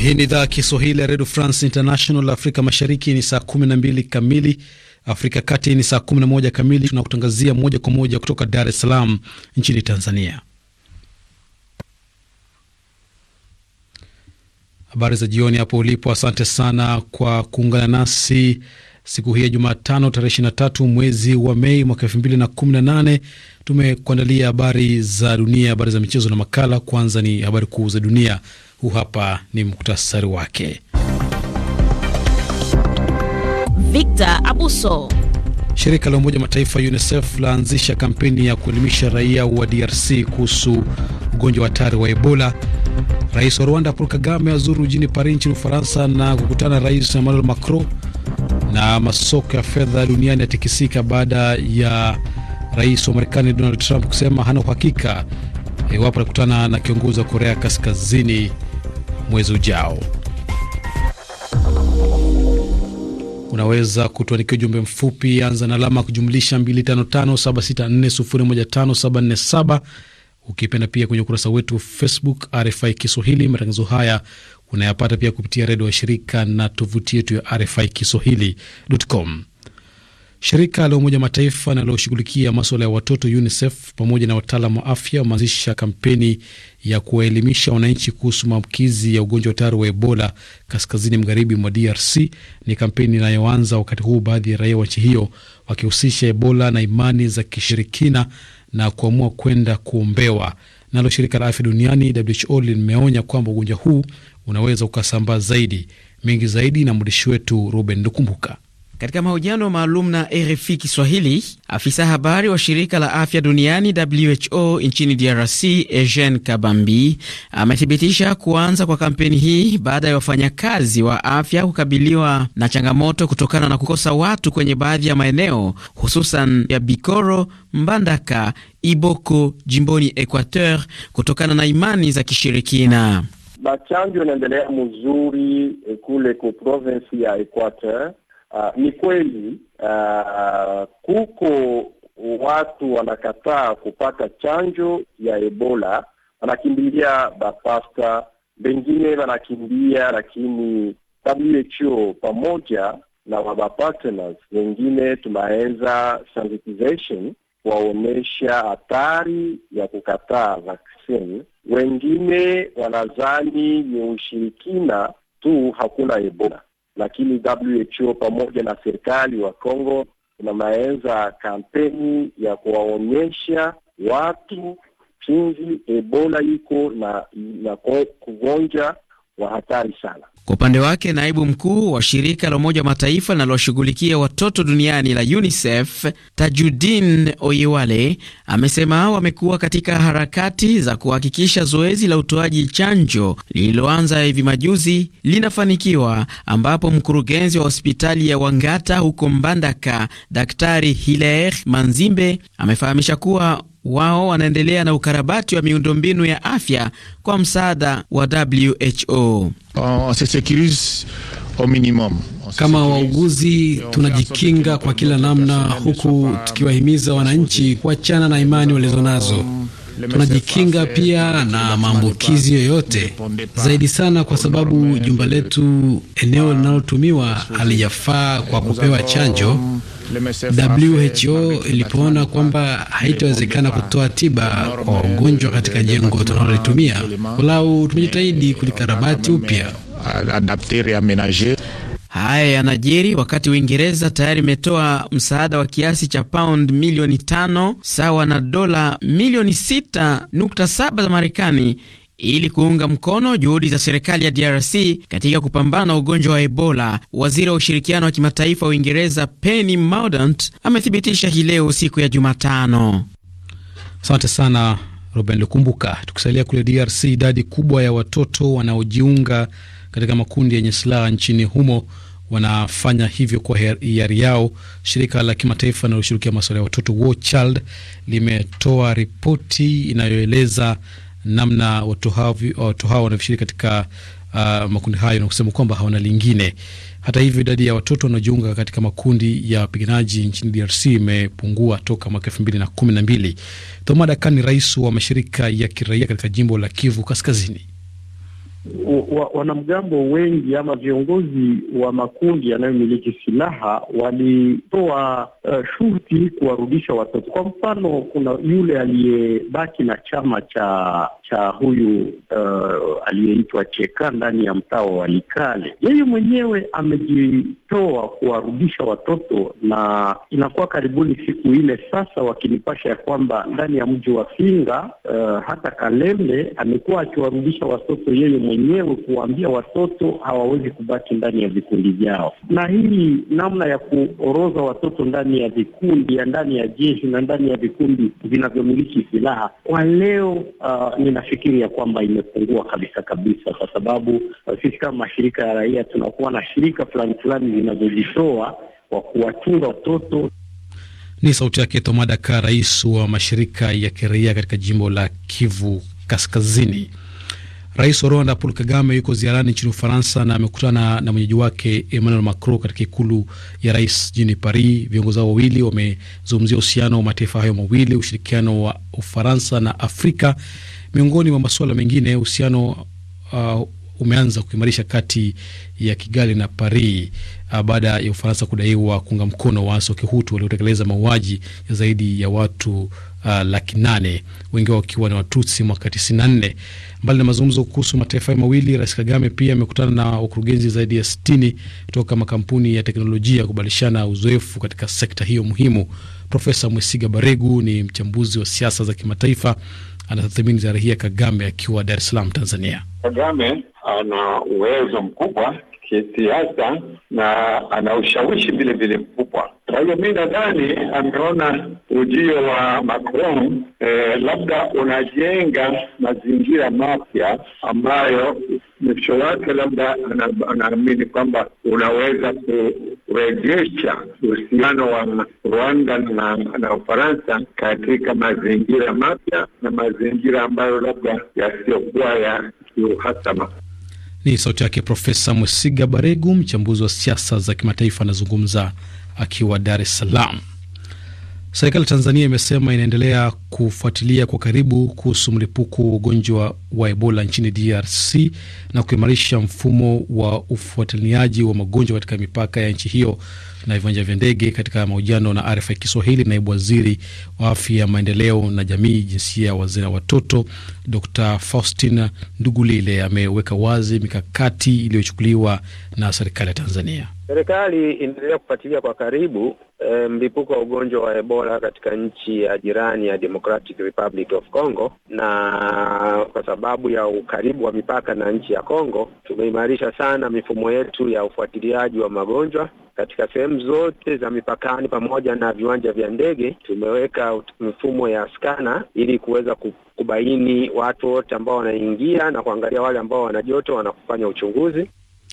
Hii ni idhaa ya Kiswahili ya redio France International. Afrika mashariki ni saa 12 kamili, Afrika kati ni saa 11 kamili. Tunakutangazia moja kwa moja kutoka Dar es Salaam nchini Tanzania. Habari za jioni hapo ulipo. Asante sana kwa kuungana nasi Siku hii ya Jumatano tarehe 23 mwezi wa Mei mwaka 2018 tumekuandalia habari za dunia, habari za michezo na makala. Kwanza ni habari kuu za dunia, huu hapa ni muktasari wake. Victor Abuso. Shirika la Umoja Mataifa UNICEF laanzisha kampeni ya kuelimisha raia wa DRC kuhusu ugonjwa wa hatari wa Ebola. Rais wa Rwanda Paul Kagame azuru jijini Paris nchini Ufaransa na kukutana na Rais Emmanuel Macron. Na masoko ya fedha duniani yatikisika baada ya rais wa Marekani Donald Trump kusema hana uhakika iwapo anakutana atakutana na kiongozi wa Korea Kaskazini mwezi ujao. Unaweza kutuandikia ujumbe mfupi, anza na alama kujumlisha 255764015747 ukipenda pia kwenye ukurasa wetu Facebook RFI Kiswahili. Matangazo haya unayapata pia kupitia redio wa shirika na tovuti yetu ya RFI Kiswahili.com. Shirika la Umoja Mataifa linaloshughulikia maswala ya watoto UNICEF pamoja na wataalam wa afya wameanzisha kampeni ya kuwaelimisha wananchi kuhusu maambukizi ya ugonjwa hatari wa Ebola kaskazini magharibi mwa DRC. Ni kampeni inayoanza wakati huu baadhi ya raia wa nchi hiyo wakihusisha Ebola na imani za kishirikina na kuamua kwenda kuombewa. Nalo shirika la afya duniani WHO limeonya kwamba ugonjwa huu unaweza ukasambaa zaidi. Mengi zaidi na mwandishi wetu Ruben Lukumbuka. Katika mahojiano maalum na RFI Kiswahili, afisa habari wa shirika la afya duniani WHO nchini DRC Eugene Kabambi amethibitisha kuanza kwa kampeni hii baada ya wafanyakazi wa afya kukabiliwa na changamoto kutokana na kukosa watu kwenye baadhi ya maeneo hususan ya Bikoro, Mbandaka, Iboko jimboni Equateur kutokana na imani za kishirikina. Machanjo inaendelea mzuri eh, kule ku province ya Equateur. Uh, ni kweli uh, kuko watu wanakataa kupata chanjo ya Ebola, wanakimbilia bapasta, wengine wanakimbia, lakini WHO pamoja na wabapartners wengine tunaenza sensitization kuwaonyesha hatari ya kukataa vaccine wengine wanadhani ni ushirikina tu, hakuna Ebola, lakini WHO pamoja na serikali wa congo unamaenza kampeni ya kuwaonyesha watu jinsi Ebola iko na, na kugonja wa hatari sana. Kwa upande wake naibu mkuu wa shirika la Umoja wa Mataifa linaloshughulikia watoto duniani la UNICEF Tajudin Oyewale amesema wamekuwa katika harakati za kuhakikisha zoezi la utoaji chanjo lililoanza hivi majuzi linafanikiwa, ambapo mkurugenzi wa hospitali ya Wangata huko Mbandaka Daktari Hilaire Manzimbe amefahamisha kuwa wao wanaendelea na ukarabati wa miundombinu ya afya kwa msaada wa WHO. Kama wauguzi tunajikinga kwa kila namna, huku tukiwahimiza wananchi kuachana na imani walizonazo. Tunajikinga pia na maambukizi yoyote zaidi sana, kwa sababu jumba letu, eneo linalotumiwa halijafaa kwa kupewa chanjo. WHO ilipoona kwamba haitawezekana kutoa tiba kwa wagonjwa katika jengo tunalotumia, walau tumejitahidi kulikarabati upya. Haya yanajiri wakati Uingereza tayari imetoa msaada wa kiasi cha pound milioni tano sawa na dola milioni sita nukta saba za Marekani ili kuunga mkono juhudi za serikali ya DRC katika kupambana na ugonjwa wa Ebola. Waziri wa ushirikiano wa kimataifa wa Uingereza Penny Mordaunt amethibitisha hii leo siku ya Jumatano. Asante sana Ruben Lukumbuka. Tukisalia kule DRC, idadi kubwa ya watoto wanaojiunga katika makundi yenye silaha nchini humo wanafanya hivyo kwa hiari yao. Shirika la kimataifa linaloshirikia masuala ya watoto War Child limetoa ripoti inayoeleza namna watu hao wanavyoshiriki katika uh, makundi hayo na kusema kwamba hawana lingine. Hata hivyo, idadi ya watoto wanaojiunga katika makundi ya wapiganaji nchini DRC imepungua toka mwaka elfu mbili na kumi na mbili. Kani, rais wa mashirika ya kiraia katika jimbo la Kivu Kaskazini wanamgambo wengi ama viongozi wa makundi yanayomiliki silaha walitoa uh, shurti kuwarudisha watoto. Kwa mfano, kuna yule aliyebaki na chama cha cha huyu uh, aliyeitwa Cheka ndani ya mtaa wa Walikale, yeye mwenyewe amejitoa kuwarudisha watoto, na inakuwa karibuni siku ile sasa wakinipasha ya kwamba ndani ya mji wa Finga uh, eh, hata Kalembe amekuwa akiwarudisha watoto yeye mwenyewe kuwaambia watoto hawawezi kubaki ndani ya vikundi vyao, na hii namna ya kuoroza watoto ndani ya vikundi ya ndani ya jeshi na ndani ya vikundi vinavyomiliki silaha kwa leo, uh, ninafikiri ya kwamba imepungua kabisa kabisa, kwa sababu uh, sisi kama mashirika ya raia tunakuwa na shirika fulani fulani zinazojitoa kwa kuwachunga watoto. Ni sauti yake Tomadaka, rais wa mashirika ya kiraia katika jimbo la Kivu Kaskazini. Rais wa Rwanda Paul Kagame yuko ziarani nchini Ufaransa na amekutana na mwenyeji wake Emmanuel Macron katika ikulu ya rais jijini Paris. Viongozi hao wawili wamezungumzia uhusiano wa mataifa hayo mawili, ushirikiano wa Ufaransa na Afrika. Miongoni mwa masuala mengine, uhusiano uh, umeanza kuimarisha kati ya Kigali na Paris uh, baada ya Ufaransa kudaiwa kuunga mkono waasi wa Kihutu waliotekeleza mauaji ya zaidi ya watu uh, laki nane wengi wao wakiwa ni Watutsi mwaka 94. Mbali na mazungumzo kuhusu mataifa mawili, Rais Kagame pia amekutana na wakurugenzi zaidi ya 60 kutoka makampuni ya teknolojia kubadilishana uzoefu katika sekta hiyo muhimu. Profesa Mwesiga Baregu ni mchambuzi wa siasa za kimataifa anatathmini ziara hii ya Kagame akiwa Dar es Salaam, Tanzania? Kagame ana uwezo mkubwa kisiasa na ana ushawishi vilevile mkubwa kwa hiyo mi nadhani ameona ujio wa Macron eh, labda unajenga mazingira mapya ambayo mwisho wake labda anaamini kwamba unaweza kurejesha uhusiano wa Rwanda na, na Ufaransa katika mazingira mapya na mazingira ambayo labda yasiyokuwa ya kiuhasama. Ni sauti yake Profesa Mwesiga Baregu, mchambuzi wa siasa za kimataifa, anazungumza akiwa Dar es Salaam. Serikali Tanzania imesema inaendelea kufuatilia kwa karibu kuhusu mlipuko wa ugonjwa wa Ebola nchini DRC na kuimarisha mfumo wa ufuatiliaji wa magonjwa katika mipaka ya nchi hiyo na viwanja vya ndege. Katika mahojiano na RFI Kiswahili, naibu waziri wa afya, maendeleo na jamii, jinsia, wazee na watoto, Dr Faustin Ndugulile ameweka wazi mikakati iliyochukuliwa na serikali ya Tanzania. Serikali inaendelea kufuatilia kwa karibu e, mlipuko wa ugonjwa wa Ebola katika nchi ya jirani ya Democratic Republic of Congo, na kwa sababu ya ukaribu wa mipaka na nchi ya Congo, tumeimarisha sana mifumo yetu ya ufuatiliaji wa magonjwa katika sehemu sehemu zote za mipakani pamoja na viwanja vya ndege tumeweka mifumo ya skana ili kuweza kubaini watu wote ambao wanaingia na kuangalia wale ambao wana joto wanakufanya uchunguzi.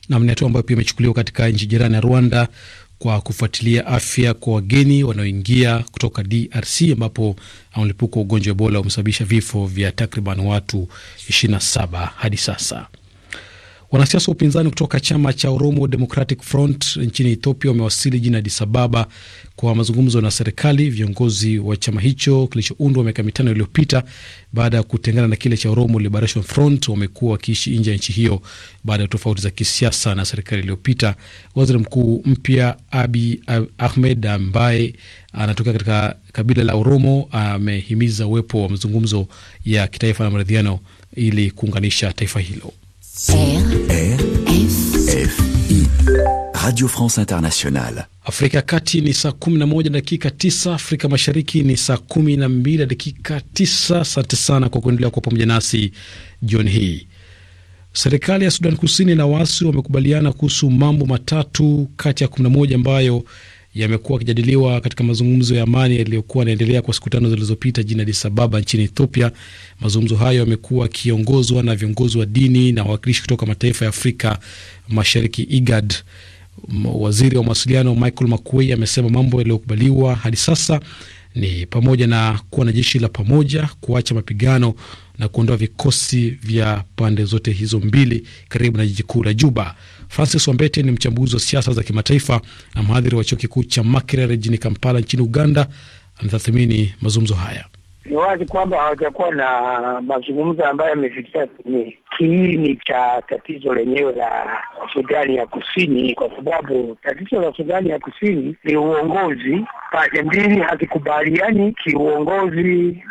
Nam ni hatua ambayo pia imechukuliwa katika nchi jirani ya Rwanda kwa kufuatilia afya kwa wageni wanaoingia kutoka DRC ambapo mlipuko wa ugonjwa wa Ebola umesababisha vifo vya takriban watu 27 hadi sasa. Wanasiasa wa upinzani kutoka chama cha Oromo Democratic Front nchini Ethiopia wamewasili jijini Addis Ababa kwa mazungumzo na serikali. Viongozi wa chama hicho kilichoundwa miaka mitano iliyopita baada ya kutengana na kile cha Oromo Liberation Front wamekuwa wakiishi nje ya nchi hiyo baada ya tofauti za kisiasa na serikali iliyopita. Waziri mkuu mpya Abi Ahmed ambaye anatokea katika kabila la Oromo amehimiza uwepo wa mazungumzo ya kitaifa na maridhiano ili kuunganisha taifa hilo. RFI Radio France Internationale. Afrika ya Kati ni saa 11 dakika 9, Afrika Mashariki ni saa mbili dakika 9. Asante sana kwa kuendelea kwa pamoja nasi jioni hii. Serikali ya Sudan Kusini na waasi wamekubaliana kuhusu mambo matatu kati ya 11 ambayo yamekuwa yakijadiliwa katika mazungumzo ya amani yaliyokuwa yanaendelea kwa siku tano zilizopita jijini Addis Ababa nchini Ethiopia. Mazungumzo hayo yamekuwa yakiongozwa na viongozi wa dini na wawakilishi kutoka mataifa ya Afrika Mashariki, IGAD. Waziri wa mawasiliano Michael Makuei amesema mambo yaliyokubaliwa hadi sasa ni pamoja na kuwa na jeshi la pamoja, kuacha mapigano na kuondoa vikosi vya pande zote hizo mbili karibu na jiji kuu la Juba. Francis Wambete ni mchambuzi wa siasa za kimataifa na mhadhiri wa chuo kikuu cha Makerere jijini Kampala nchini Uganda. Anatathmini mazungumzo haya. Ni wazi kwamba hawajakuwa na mazungumzo ambayo yamefikia kwenye kiini cha tatizo lenyewe la Sudani ya Kusini, kwa sababu tatizo la Sudani ya Kusini ni uongozi. Pande mbili hazikubaliani kiuongozi,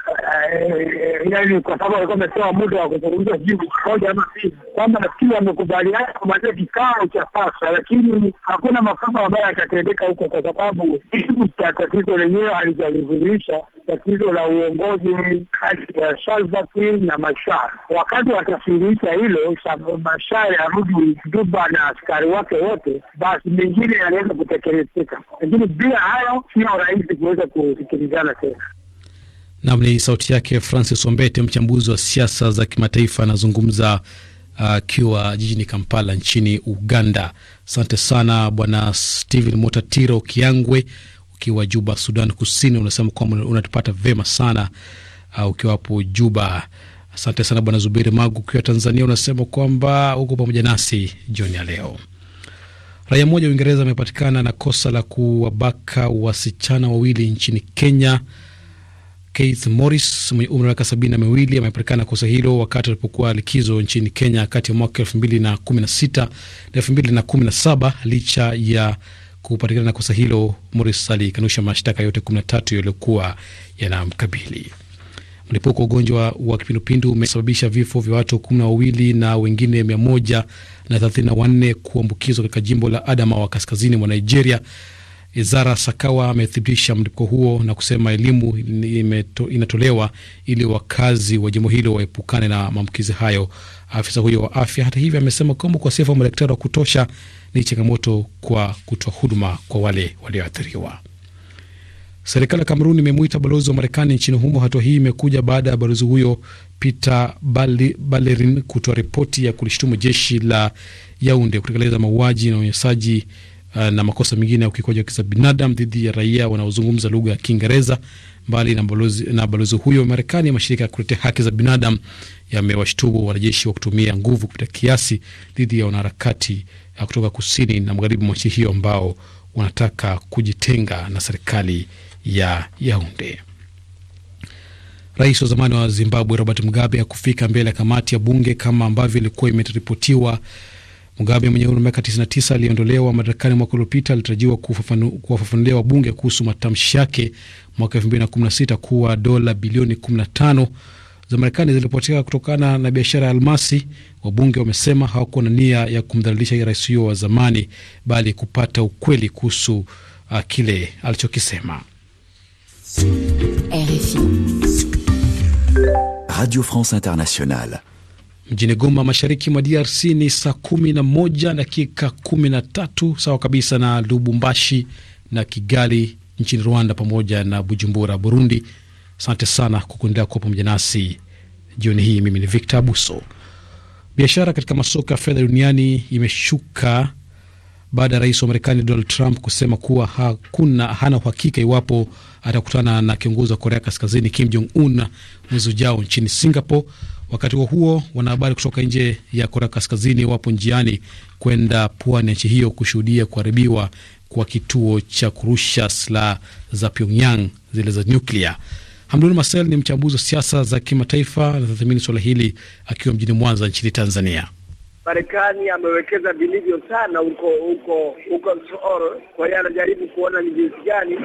yaani kwa sababu alikuwa amepewa muda wa kuzungumza jibu moja ama mbili, kwamba nafikiri amekubaliana kumaliza kikao cha sasa, lakini hakuna mafunzo ambayo yatatendeka huko, kwa sababu jibu cha tatizo lenyewe halijalizuluhisha tatizo la uongozi kati ya Salva Kiir na Machar wakati watasiri kuita hilo Mashari arudi Juba na askari wake wote, basi mengine yanaweza kutekelezeka, lakini bila hayo sio rahisi kuweza kusikilizana tena. Nam ni sauti yake Francis Ombete, mchambuzi wa siasa za kimataifa, anazungumza uh, akiwa uh, jijini Kampala nchini Uganda. Asante sana Bwana Steven Motatiro Kiangwe ukiwa Juba, Sudan Kusini. Unasema kwamba unatupata vema sana uh, ukiwa hapo Juba. Asante sana Bwana Zubiri Magu, ukiwa Tanzania unasema kwamba huko pamoja nasi jioni ya leo. Raia mmoja wa Uingereza amepatikana na kosa la kuwabaka wasichana wawili nchini Kenya. Keith Morris mwenye umri wa miaka sabini na miwili amepatikana kosa hilo wakati alipokuwa likizo nchini Kenya kati ya mwaka elfu mbili na kumi na sita na elfu mbili na kumi na saba. Licha ya kupatikana na kosa hilo, Morris alikanusha mashtaka yote 13 yaliyokuwa yanamkabili. Mlipuko wa ugonjwa wa kipindupindu umesababisha vifo vya watu kumi na wawili na wengine mia moja na thelathini na wanne kuambukizwa katika jimbo la Adama wa kaskazini mwa Nigeria. Zara Sakawa amethibitisha mlipuko huo na kusema elimu inatolewa ili wakazi wa jimbo hilo waepukane na maambukizi hayo. Afisa huyo wa afya, hata hivyo, amesema kwamba ukosefu wa madaktari wa kutosha ni changamoto kwa kutoa huduma kwa wale walioathiriwa. Serikali ya Kamerun imemwita balozi wa Marekani nchini humo. Hatua hii imekuja baada ya balozi huyo Peter Balerin kutoa ripoti ya kulishtumu jeshi la Yaunde kutekeleza mauaji na unyanyasaji uh, na makosa mengine ya ukiukaji wa haki za binadamu dhidi ya raia wanaozungumza lugha ya Kiingereza. Mbali na balozi, na balozi huyo wa Marekani, mashirika ya kutetea haki za binadamu yamewashtumu wanajeshi wa kutumia nguvu kupita kiasi dhidi ya wanaharakati uh, kutoka kusini na magharibi mwa nchi hiyo ambao wanataka kujitenga na serikali ya Yaunde. Rais wa zamani wa Zimbabwe Robert Mugabe hakufika mbele ya kamati ya bunge kama ambavyo ilikuwa imeripotiwa. Mugabe mwenye umri wa miaka 99 aliyeondolewa madarakani mwaka uliopita alitarajiwa kuwafafanulia wabunge kuhusu matamshi yake mwaka 2016 kuwa dola bilioni 15 za Marekani zilipotea kutokana na biashara ya almasi. Wabunge wamesema hawakuwa na nia ya kumdhalilisha rais huyo wa zamani, bali kupata ukweli kuhusu uh, kile alichokisema. RFI. Radio France Internationale. Mjini Goma, mashariki mwa DRC ni saa 11 dakika 13, sawa kabisa na Lubumbashi na Kigali nchini Rwanda, pamoja na Bujumbura, Burundi. Asante sana kwa kuendelea kuwa pamoja nasi jioni hii. Mimi ni Victor Abuso. Biashara katika masoko ya fedha duniani imeshuka baada ya rais wa Marekani Donald Trump kusema kuwa hakuna hana uhakika iwapo atakutana na kiongozi wa Korea Kaskazini Kim Jong Un mwezi ujao nchini Singapore. Wakati huo huo, wanahabari kutoka nje ya Korea Kaskazini wapo njiani kwenda pwani ya nchi hiyo kushuhudia kuharibiwa kwa kituo cha kurusha silaha za Pyongyang zile za nyuklia. Hamdun Masel ni mchambuzi wa siasa za kimataifa, anatathmini suala hili akiwa mjini Mwanza nchini Tanzania. Marekani amewekeza vilivyo sana huko huko huko Seoul. Kwa hiyo anajaribu kuona ni jinsi gani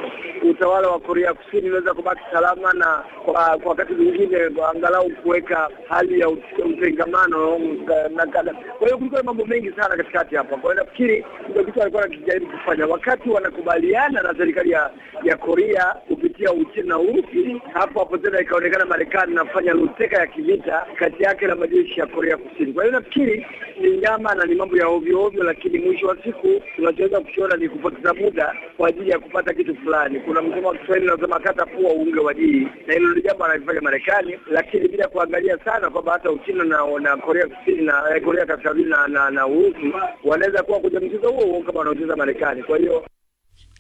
utawala wa Korea Kusini unaweza kubaki salama na kwa, kwa wakati mwingine angalau kuweka hali ya utengamano. Eh, kwa hiyo kulikuwa mambo mengi sana katikati hapa. Kwa hiyo nafikiri ndio kitu alikuwa anajaribu kufanya wakati wanakubaliana na serikali ya, ya Korea kupitia Uchina na Urusi. Hapo hapo tena ikaonekana Marekani nafanya luteka ya kivita kati yake na majeshi ya Korea Kusini. Kwa hiyo nafikiri ni nyama na ni mambo ya ovyo ovyo, lakini mwisho wa siku tunachoweza kukiona ni kupoteza muda kwa ajili ya kupata kitu fulani. Kuna msemo wa Kiswahili unasema kata pua uunge wa na hilo ni jambo analifanya Marekani, lakini bila kuangalia sana kwamba hata Uchina na, na Korea Kusini na eh, Korea Kaskazini na, na, na Urusi wanaweza kuwa kwenye mchezo huo huo kama wanaocheza Marekani. Kwa hiyo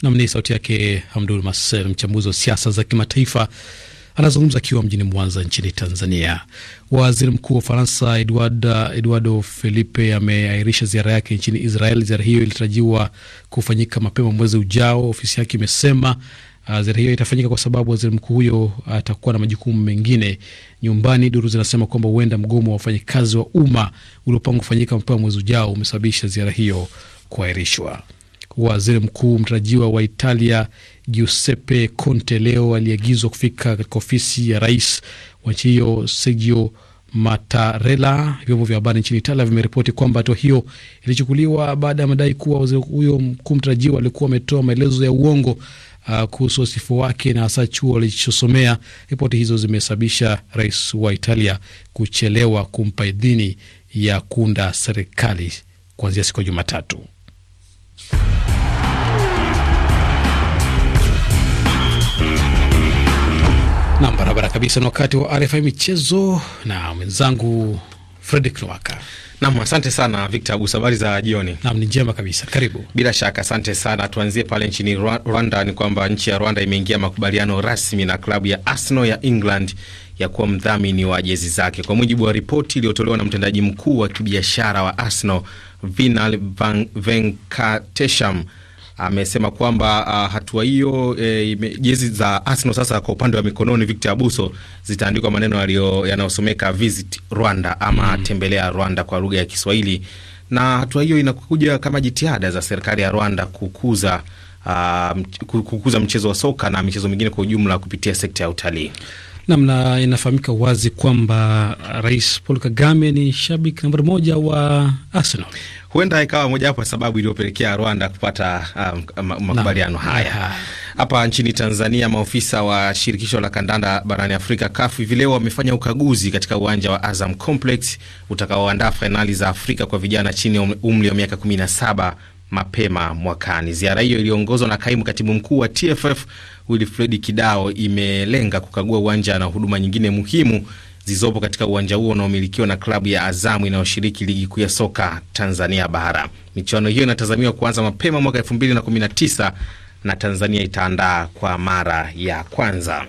nam, ni sauti yake Hamdul Masel, mchambuzi wa siasa za kimataifa. Anazungumza akiwa mjini Mwanza nchini Tanzania. Waziri Mkuu wa Ufaransa Eduardo Felipe ameahirisha ziara yake nchini Israel. Ziara hiyo ilitarajiwa kufanyika mapema mwezi ujao, ofisi yake imesema. Uh, ziara hiyo itafanyika kwa sababu waziri mkuu huyo atakuwa na majukumu mengine nyumbani. Duru zinasema kwamba huenda mgomo wa wafanyakazi wa umma uliopangwa kufanyika mapema mwezi ujao umesababisha ziara hiyo kuahirishwa. Waziri mkuu mtarajiwa wa Italia Giuseppe Conte leo aliagizwa kufika katika ofisi ya rais wa nchi hiyo Sergio Mattarella. Vyombo vya habari nchini Italia vimeripoti kwamba hatua hiyo ilichukuliwa baada ya madai kuwa waziri huyo mkuu mtarajiwa alikuwa ametoa maelezo ya uongo Uh, kuhusu wasifu wake na hasa chuo alichosomea. Ripoti hizo zimesababisha rais wa Italia kuchelewa kumpa idhini ya kuunda serikali kuanzia siku ya Jumatatu. Nam, barabara kabisa. Ni wakati wa RFI michezo na mwenzangu Fredrick Nwaka. Nam, asante sana Victor Abuso, habari za jioni. Nam, ni njema kabisa, karibu. Bila shaka, asante sana. Tuanzie pale nchini Rwanda, ni kwamba nchi ya Rwanda imeingia makubaliano rasmi na klabu ya Arsenal ya England ya kuwa mdhamini wa jezi zake, kwa mujibu wa ripoti iliyotolewa na mtendaji mkuu wa kibiashara wa Arsenal Vinal Venkatesham amesema kwamba uh, hatua hiyo e, jezi za Arsenal sasa kwa upande wa mikononi, Victor Abuso zitaandikwa maneno yanayosomeka visit Rwanda ama mm, tembelea Rwanda kwa lugha ya Kiswahili, na hatua hiyo inakuja kama jitihada za serikali ya Rwanda kukuza, uh, kukuza mchezo wa soka na michezo mingine kwa ujumla kupitia sekta ya utalii namna inafahamika wazi kwamba Rais Paul Kagame ni shabiki nambari moja wa Arsenal. Huenda ikawa mojawapo ya sababu iliyopelekea Rwanda kupata um, makubaliano haya. Hapa nchini Tanzania, maofisa wa shirikisho la kandanda barani Afrika kafu hivi leo wamefanya ukaguzi katika uwanja wa Azam Complex utakaoandaa fainali za Afrika kwa vijana chini ya umri wa miaka 17 mapema mwakani. Ziara hiyo iliyoongozwa na kaimu katibu mkuu wa TFF Wilfred Kidao imelenga kukagua uwanja na huduma nyingine muhimu zilizopo katika uwanja huo unaomilikiwa na, na klabu ya Azamu inayoshiriki ligi kuu ya soka Tanzania Bara. Michuano hiyo inatazamiwa kuanza mapema mwaka 2019 na Tanzania itaandaa kwa mara ya kwanza.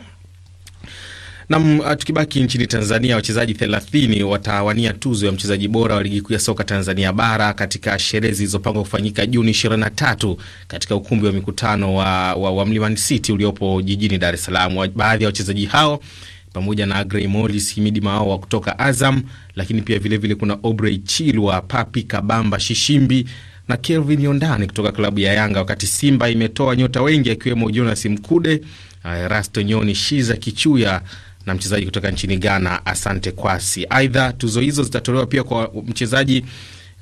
Nam, uh, tukibaki nchini Tanzania, wachezaji thelathini watawania tuzo ya mchezaji bora wa ligi kuu ya soka Tanzania bara katika sherehe zilizopangwa kufanyika Juni 23 katika ukumbi wa mikutano wa, wa, wa Mlimani City uliopo jijini Dar es Salaam. Baadhi ya wachezaji hao pamoja na Grey Moris Himidi wa kutoka Azam, lakini pia vilevile vile kuna Obrey Chilwa, Papi Kabamba Shishimbi na Kelvin Yondani kutoka klabu ya Yanga, wakati Simba imetoa nyota wengi akiwemo Jonas Mkude, Erasto eh, Nyoni, Shiza Kichuya na mchezaji kutoka nchini Ghana Asante Kwasi. Aidha, tuzo hizo zitatolewa pia kwa mchezaji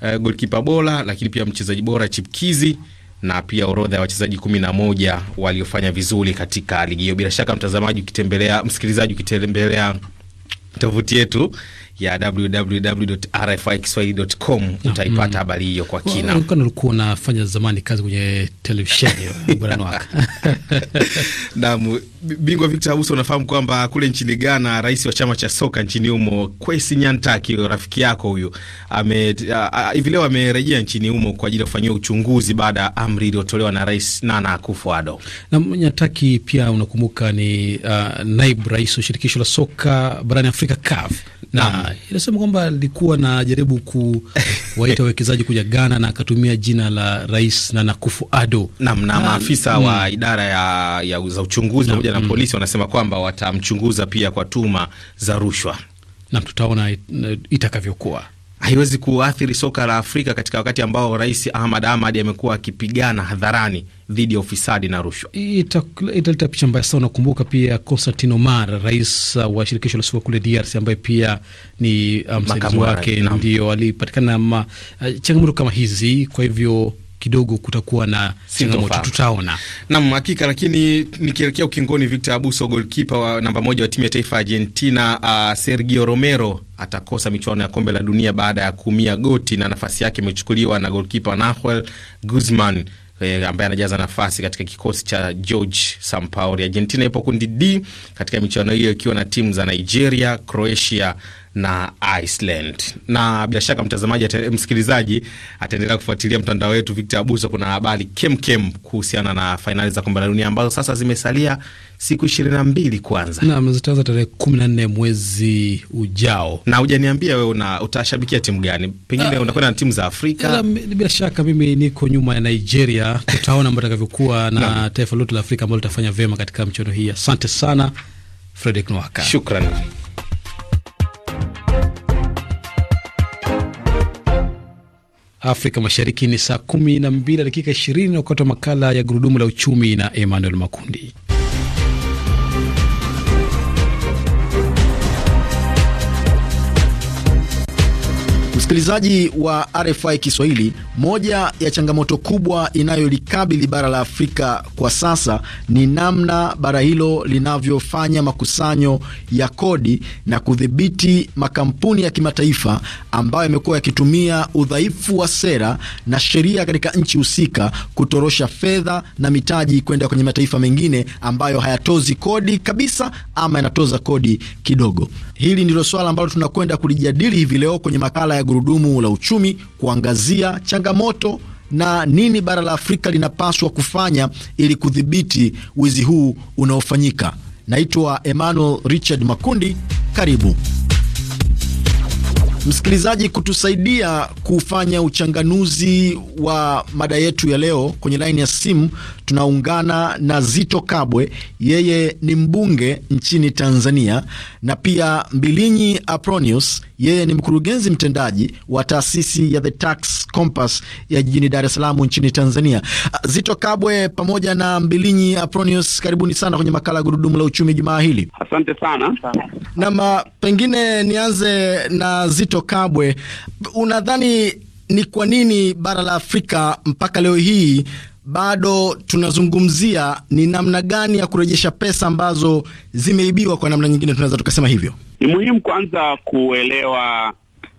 uh, eh, golkipa bora, lakini pia mchezaji bora chipkizi na pia orodha ya wachezaji kumi na moja waliofanya vizuri katika ligi hiyo. Bila shaka mtazamaji ukitembelea, msikilizaji ukitembelea tovuti yetu ya www.rfikiswahili.com utaipata mm, habari hiyo kwa kina. Ulikuwa unafanya zamani kazi kwenye televisheni nam bingwa Victor Abuso, unafahamu kwamba kule nchini Ghana rais wa chama cha soka nchini humo Kwesi Nyantaki, rafiki yako huyu, hivi leo amerejea nchini humo kwa ajili ya kufanyiwa uchunguzi baada ya amri iliyotolewa na rais Nana Akufo-Addo. Na Nyantaki pia unakumbuka ni uh, naibu rais wa shirikisho la soka barani Afrika CAF na inasema kwamba alikuwa najaribu kuwaita wawekezaji kuja Ghana na akatumia jina la Rais Nana Akufo-Addo na, na maafisa ah, mm, wa idara ya, ya za uchunguzi pamoja na, na mm. polisi wanasema kwamba watamchunguza pia kwa tuma za rushwa na tutaona itakavyokuwa haiwezi kuathiri soka la Afrika katika wakati ambao Rais Ahmad Ahmad amekuwa akipigana hadharani dhidi ya ufisadi na rushwa. Italeta picha mbaya sana. Unakumbuka pia Constantine mar rais uh, wa shirikisho la soka kule DRC, ambaye pia ni uh, msaidizi um, wake, ndio alipatikana na uh, changamoto kama hizi. Kwa hivyo kidogo kutakuwa na changamoto, tutaona nam hakika. Lakini nikielekea ukingoni, Victor Abuso, golkipa wa namba moja wa timu ya taifa ya Argentina, uh, Sergio Romero atakosa michuano ya kombe la dunia baada ya kuumia goti, na nafasi yake imechukuliwa na golkipa Nahuel Guzman eh, ambaye anajaza nafasi katika kikosi cha George Sampaoli. Argentina ipo kundi D katika michuano hiyo ikiwa na timu za Nigeria, Croatia na Iceland. Na bila shaka mtazamaji, msikilizaji ataendelea kufuatilia mtandao wetu Victor Abuso. Kuna habari kemkem kuhusiana na fainali za kombe la dunia ambazo sasa zimesalia siku ishirini na mbili kwanza, naam, zitaanza tarehe kumi na nne mwezi ujao. Na hujaniambia wewe una utashabikia timu gani? Pengine ah. unakwenda na timu za Afrika? Bila shaka mimi niko nyuma ya Nigeria, tutaona mambo atakavyokuwa na, na taifa lote la Afrika ambalo litafanya vyema katika mchuano hii. Asante sana Fredrick Nwaka, shukrani. Afrika Mashariki ni saa kumi na mbili dakika ishirini na wakati wa makala ya gurudumu la uchumi na Emmanuel Makundi. Msikilizaji wa RFI Kiswahili, moja ya changamoto kubwa inayolikabili bara la Afrika kwa sasa ni namna bara hilo linavyofanya makusanyo ya kodi na kudhibiti makampuni ya kimataifa ambayo yamekuwa yakitumia udhaifu wa sera na sheria katika nchi husika kutorosha fedha na mitaji kwenda kwenye mataifa mengine ambayo hayatozi kodi kabisa ama yanatoza kodi kidogo. Hili ndilo swala ambalo tunakwenda kulijadili hivi leo kwenye makala ya gurudumu la uchumi kuangazia changamoto na nini bara la Afrika linapaswa kufanya ili kudhibiti wizi huu unaofanyika. Naitwa Emmanuel Richard Makundi. Karibu msikilizaji, kutusaidia kufanya uchanganuzi wa mada yetu ya leo. Kwenye laini ya simu tunaungana na Zito Kabwe, yeye ni mbunge nchini Tanzania, na pia Mbilinyi Apronius, yeye ni mkurugenzi mtendaji wa taasisi ya The Tax Compass ya jijini Dar es Salaam nchini Tanzania. Zito Kabwe pamoja na Mbilinyi Apronius, karibuni sana kwenye makala ya Gurudumu la Uchumi jumaa hili. Asante sana. nam. Uh, pengine nianze na Zito Kabwe, unadhani ni kwa nini bara la Afrika mpaka leo hii bado tunazungumzia ni namna gani ya kurejesha pesa ambazo zimeibiwa, kwa namna nyingine tunaweza tukasema hivyo. Ni muhimu kwanza kuelewa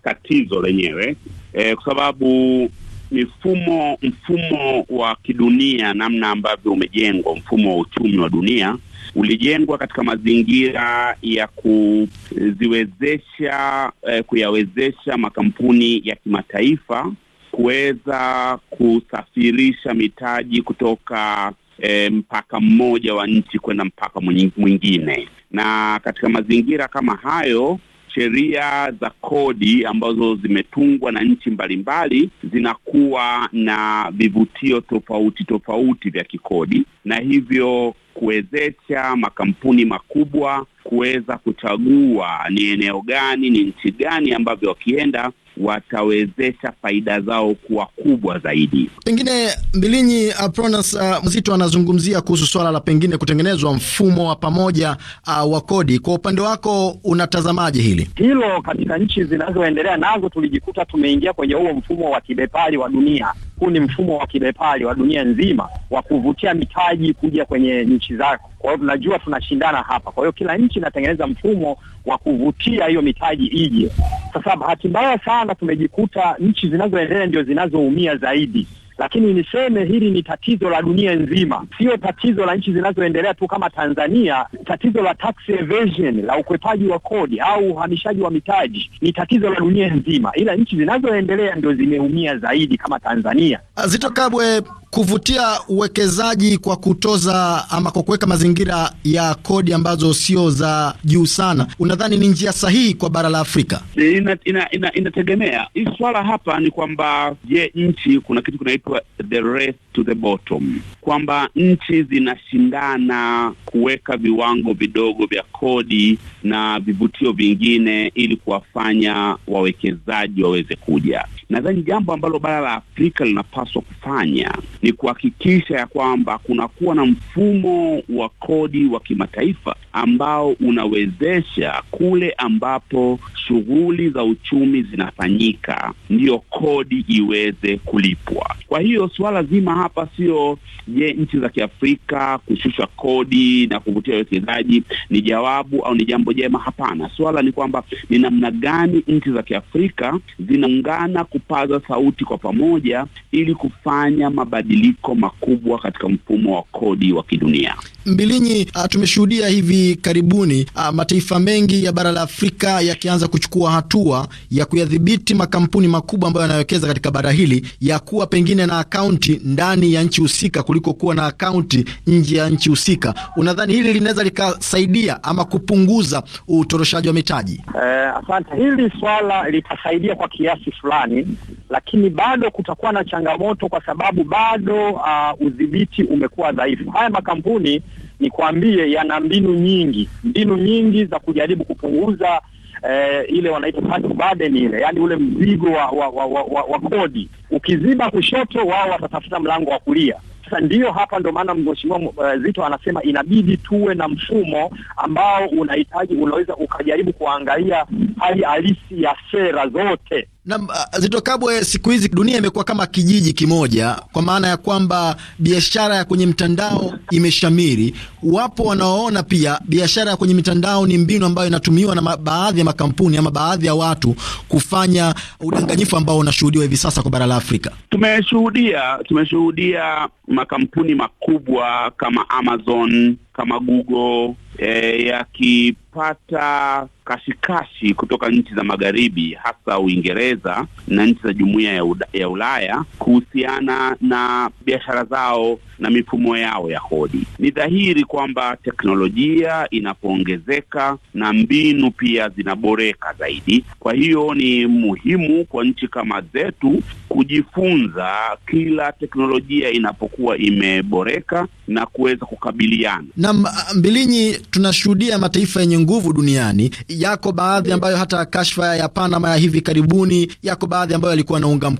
tatizo lenyewe e, kwa sababu mifumo mfumo wa kidunia, namna ambavyo umejengwa mfumo wa uchumi wa dunia ulijengwa katika mazingira ya kuziwezesha eh, kuyawezesha makampuni ya kimataifa kuweza kusafirisha mitaji kutoka e, mpaka mmoja wa nchi kwenda mpaka mwingine. Na katika mazingira kama hayo, sheria za kodi ambazo zimetungwa na nchi mbalimbali zinakuwa na vivutio tofauti tofauti vya kikodi, na hivyo kuwezesha makampuni makubwa kuweza kuchagua ni eneo gani, ni nchi gani ambavyo wakienda watawezesha faida zao kuwa kubwa zaidi. Pengine Mbilinyi Apronas uh, uh, Mzito anazungumzia kuhusu swala la pengine kutengenezwa mfumo wa pamoja uh, wa kodi. Kwa upande wako unatazamaje hili hilo? Katika nchi zinazoendelea nazo tulijikuta tumeingia kwenye huo mfumo wa kibepari wa dunia. Huu ni mfumo wa kibepari wa dunia nzima wa kuvutia mitaji kuja kwenye nchi zako kwa hiyo tunajua tunashindana hapa, kwa hiyo kila nchi inatengeneza mfumo wa kuvutia hiyo mitaji ije. Sasa bahati mbaya sana tumejikuta nchi zinazoendelea ndio zinazoumia zaidi, lakini niseme hili ni tatizo la dunia nzima, sio tatizo la nchi zinazoendelea tu kama Tanzania. Tatizo la tax evasion, la ukwepaji wa kodi au uhamishaji wa mitaji ni tatizo la dunia nzima, ila nchi zinazoendelea ndio zimeumia zaidi kama Tanzania. Zito Kabwe kuvutia uwekezaji kwa kutoza ama kwa kuweka mazingira ya kodi ambazo sio za juu sana, unadhani ni njia sahihi kwa bara la Afrika? Inategemea ina, ina hii swala hapa ni kwamba, je, nchi kuna kitu kinaitwa the race to the bottom, kwamba nchi zinashindana kuweka viwango vidogo vya kodi na vivutio vingine ili kuwafanya wawekezaji waweze kuja. Nadhani jambo ambalo bara la Afrika linapaswa kufanya ni kuhakikisha ya kwamba kunakuwa na mfumo wa kodi wa kimataifa ambao unawezesha kule ambapo shughuli za uchumi zinafanyika ndiyo kodi iweze kulipwa. Kwa hiyo suala zima hapa sio je, nchi za Kiafrika kushusha kodi na kuvutia wawekezaji ni jawabu au ni jambo jema? Hapana, suala ni kwamba ni namna gani nchi za Kiafrika zinaungana kupaza sauti kwa pamoja ili kufanya mabadiliko mabadiliko makubwa katika mfumo wa kodi wa kidunia. Mbilinyi, ah, tumeshuhudia hivi karibuni a, ah, mataifa mengi ya bara la Afrika yakianza kuchukua hatua ya kuyadhibiti makampuni makubwa ambayo yanayowekeza katika bara hili, ya kuwa pengine na akaunti ndani ya nchi husika kuliko kuwa na akaunti nje ya nchi husika. Unadhani hili linaweza likasaidia ama kupunguza utoroshaji wa mitaji? Eh, asante. Hili swala litasaidia kwa kiasi fulani, lakini bado kutakuwa na changamoto kwa sababu bado bado uh, udhibiti umekuwa dhaifu. Haya makampuni ni kuambie yana mbinu nyingi, mbinu nyingi za kujaribu kupunguza eh, ile wanaita tax burden ile, yani ule mzigo wa, wa, wa, wa, wa, wa kodi. Ukiziba kushoto, wao watatafuta mlango wa kulia. Sasa ndiyo hapa ndo maana mheshimiwa uh, eh, Zito anasema inabidi tuwe na mfumo ambao unahitaji, unaweza ukajaribu kuangalia hali halisi ya sera zote na uh, Zito Kabwe, siku hizi dunia imekuwa kama kijiji kimoja, kwa maana ya kwamba biashara ya kwenye mtandao imeshamiri. Wapo wanaoona pia biashara ya kwenye mitandao ni mbinu ambayo inatumiwa na baadhi ya makampuni ama baadhi ya watu kufanya udanganyifu ambao unashuhudiwa hivi sasa kwa bara la Afrika. Tumeshuhudia tumeshuhudia makampuni makubwa kama Amazon kama Google e, yakipata kashikashi kutoka nchi za magharibi hasa Uingereza na nchi za jumuiya ya, ya Ulaya kuhusiana na biashara zao na mifumo yao ya kodi. Ni dhahiri kwamba teknolojia inapoongezeka na mbinu pia zinaboreka zaidi. Kwa hiyo ni muhimu kwa nchi kama zetu kujifunza kila teknolojia inapokuwa imeboreka na kuweza kukabiliana na mbilinyi. Tunashuhudia mataifa yenye nguvu duniani, yako baadhi ambayo hata kashfa ya Panama ya hivi karibuni, yako baadhi ambayo yalikuwa naunga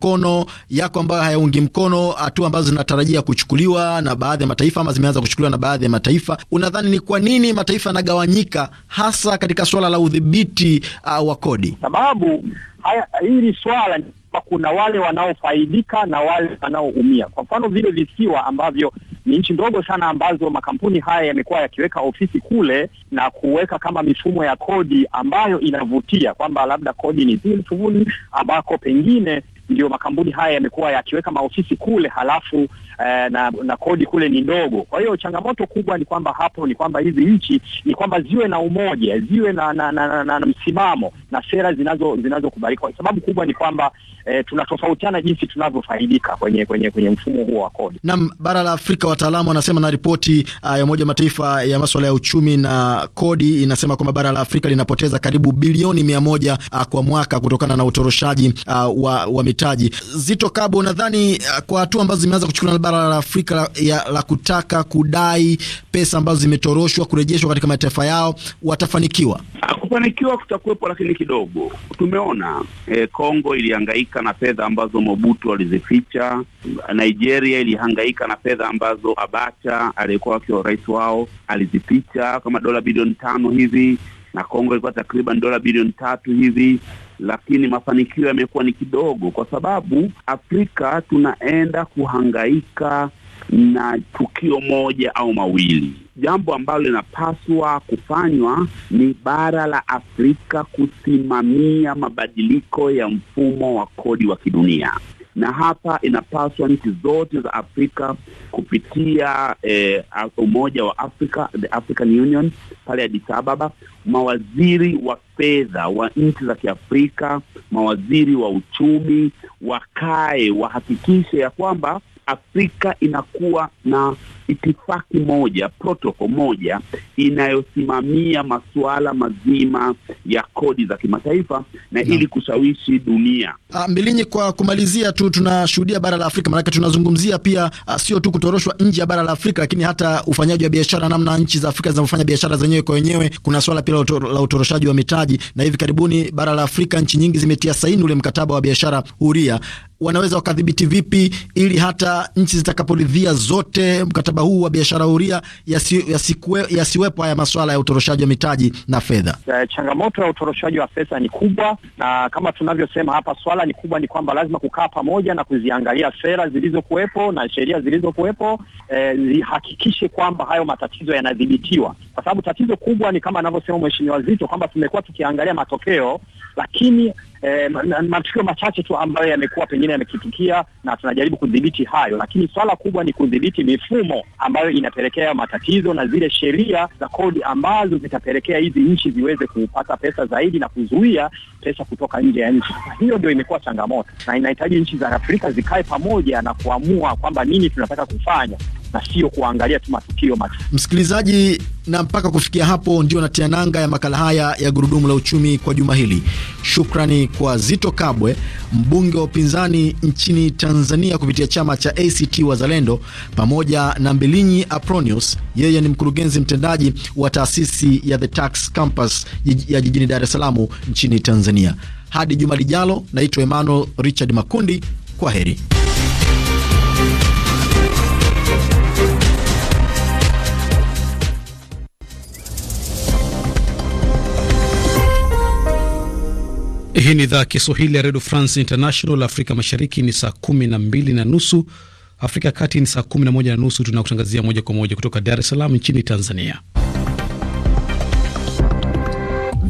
mkono yako ambayo hayaungi mkono hatua ambazo zinatarajia kuchukuliwa na baadhi ya mataifa ama zimeanza kuchukuliwa na baadhi ya mataifa. Unadhani ni kwa nini mataifa yanagawanyika hasa katika swala la udhibiti uh, wa kodi? Sababu haya, hili swala kuna wale wanaofaidika na wale wanaoumia. Kwa mfano vile visiwa ambavyo ni nchi ndogo sana ambazo makampuni haya yamekuwa yakiweka ofisi kule na kuweka kama mifumo ya kodi ambayo inavutia kwamba labda kodi ni ambako pengine ndio makampuni haya yamekuwa yakiweka maofisi kule, halafu eh, na, na kodi kule ni ndogo. Kwa hiyo changamoto kubwa ni kwamba hapo ni kwamba hizi nchi ni kwamba ziwe na umoja, ziwe na, na, na, na, na, na msimamo na sera zinazo zinazokubalika. Sababu kubwa ni kwamba eh, tunatofautiana jinsi tunavyofaidika kwenye, kwenye, kwenye mfumo huo wa kodi. Naam, bara la Afrika wataalamu wanasema na ripoti uh, ya Umoja Mataifa ya masuala ya uchumi na kodi inasema kwamba bara la Afrika linapoteza karibu bilioni mia moja uh, kwa mwaka kutokana na utoroshaji uh, wa, wa mitaji. Zito Kabo, nadhani uh, kwa hatua ambazo zimeanza kuchukuliwa bara la Afrika la, ya, la kutaka kudai pesa ambazo zimetoroshwa kurejeshwa katika mataifa yao watafanikiwa? Kufanikiwa kutakuwepo, lakini kidogo. Tumeona e, Kongo ilihangaika na fedha ambazo Mobutu alizificha. Nigeria ilihangaika na fedha ambazo Abacha aliyekuwa wakiwa rais wao alizificha kama dola bilioni tano hivi na Kongo ilikuwa takriban dola bilioni tatu hivi lakini mafanikio yamekuwa ni kidogo, kwa sababu Afrika tunaenda kuhangaika na tukio moja au mawili. Jambo ambalo linapaswa kufanywa ni bara la Afrika kusimamia mabadiliko ya mfumo wa kodi wa kidunia na hapa inapaswa nchi zote za Afrika kupitia eh, Umoja wa Afrika, the African Union pale Addis Ababa, mawaziri wa fedha wa nchi za Kiafrika, mawaziri wa uchumi wakae, wahakikishe ya kwamba Afrika inakuwa na itifaki moja, protoko moja inayosimamia masuala mazima ya kodi za kimataifa na no. ili kushawishi dunia. Ah, Mbilinyi, kwa kumalizia tu, tunashuhudia bara la Afrika, maanake tunazungumzia pia ah, sio tu kutoroshwa nje ya bara la Afrika, lakini hata ufanyaji wa biashara, namna nchi za Afrika zinavyofanya biashara zenyewe kwa wenyewe. Kuna swala pia la utoroshaji wa mitaji, na hivi karibuni bara la Afrika nchi nyingi zimetia saini ule mkataba wa biashara huria wanaweza wakadhibiti vipi ili hata nchi zitakaporidhia zote mkataba huu wa biashara huria yasiwepo yasi yasiwepo haya masuala ya utoroshaji wa mitaji na fedha. E, changamoto ya utoroshaji wa pesa ni kubwa, na kama tunavyosema hapa, swala ni kubwa, ni kwamba lazima kukaa pamoja na kuziangalia sera zilizokuwepo na sheria zilizokuwepo, e, zihakikishe kwamba hayo matatizo yanadhibitiwa, kwa sababu tatizo kubwa ni kama anavyosema Mheshimiwa Zito kwamba tumekuwa tukiangalia matokeo lakini eh, matukio machache tu ambayo yamekuwa pengine yamekitukia na tunajaribu kudhibiti hayo, lakini swala kubwa ni kudhibiti mifumo ambayo inapelekea matatizo na zile sheria za kodi ambazo zitapelekea hizi nchi ziweze kupata pesa zaidi na kuzuia pesa kutoka nje ya nchi. Sasa hiyo ndio imekuwa changamoto, na inahitaji nchi za Afrika zikae pamoja na kuamua kwamba nini tunataka kufanya na sio kuangalia tu matukio matu. Msikilizaji, na mpaka kufikia hapo ndio natia nanga ya makala haya ya gurudumu la uchumi kwa juma hili. Shukrani kwa Zito Kabwe, mbunge wa upinzani nchini Tanzania kupitia chama cha ACT Wazalendo, pamoja na Mbilinyi Apronius, yeye ni mkurugenzi mtendaji wa taasisi ya The Tax Campus ya jijini Dar es Salaam nchini Tanzania. Hadi juma lijalo, naitwa Emmanuel Richard Makundi. Kwa heri. Hii ni idhaa Kiswahili ya redio France International. Afrika mashariki ni saa kumi na mbili na nusu, Afrika ya kati ni saa kumi na moja na nusu. Tunakutangazia moja kwa moja kutoka Dar es Salaam nchini Tanzania.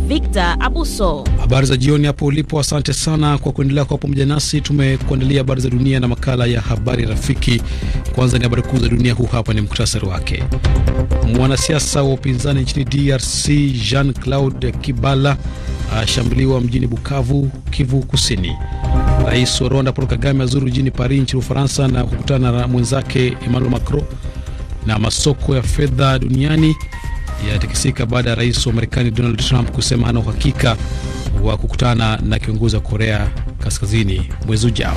Victor Abuso. Habari za jioni hapo ulipo, asante sana kwa kuendelea kwa pamoja nasi. Tumekuandalia habari za dunia na makala ya habari rafiki. Kwanza ni habari kuu za dunia, huu hapa ni mktasari wake. Mwanasiasa wa upinzani nchini DRC Jean Claude Kibala ashambuliwa mjini Bukavu, Kivu Kusini. Rais wa Rwanda Paul Kagame azuru jijini Paris nchini Ufaransa na kukutana na mwenzake Emmanuel Macron. Na masoko ya fedha duniani yatikisika baada ya rais wa Marekani Donald Trump kusema hana uhakika wa kukutana na kiongozi wa Korea Kaskazini mwezi ujao.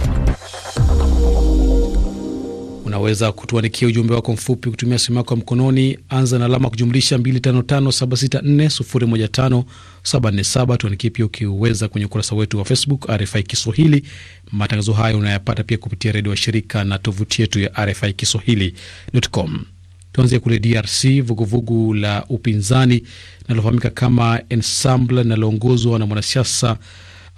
Unaweza kutuanikia ujumbe wako mfupi kutumia simu yako ya mkononi, anza na alama kujumlisha 255764015747. Tuanikie pia ukiweza kwenye ukurasa wetu wa Facebook RFI Kiswahili. Matangazo hayo unayapata pia kupitia redio wa shirika na tovuti yetu ya RFI Kiswahili.com. Tuanze kule DRC, vuguvugu vugu la upinzani linalofahamika kama Ensemble linaloongozwa na mwanasiasa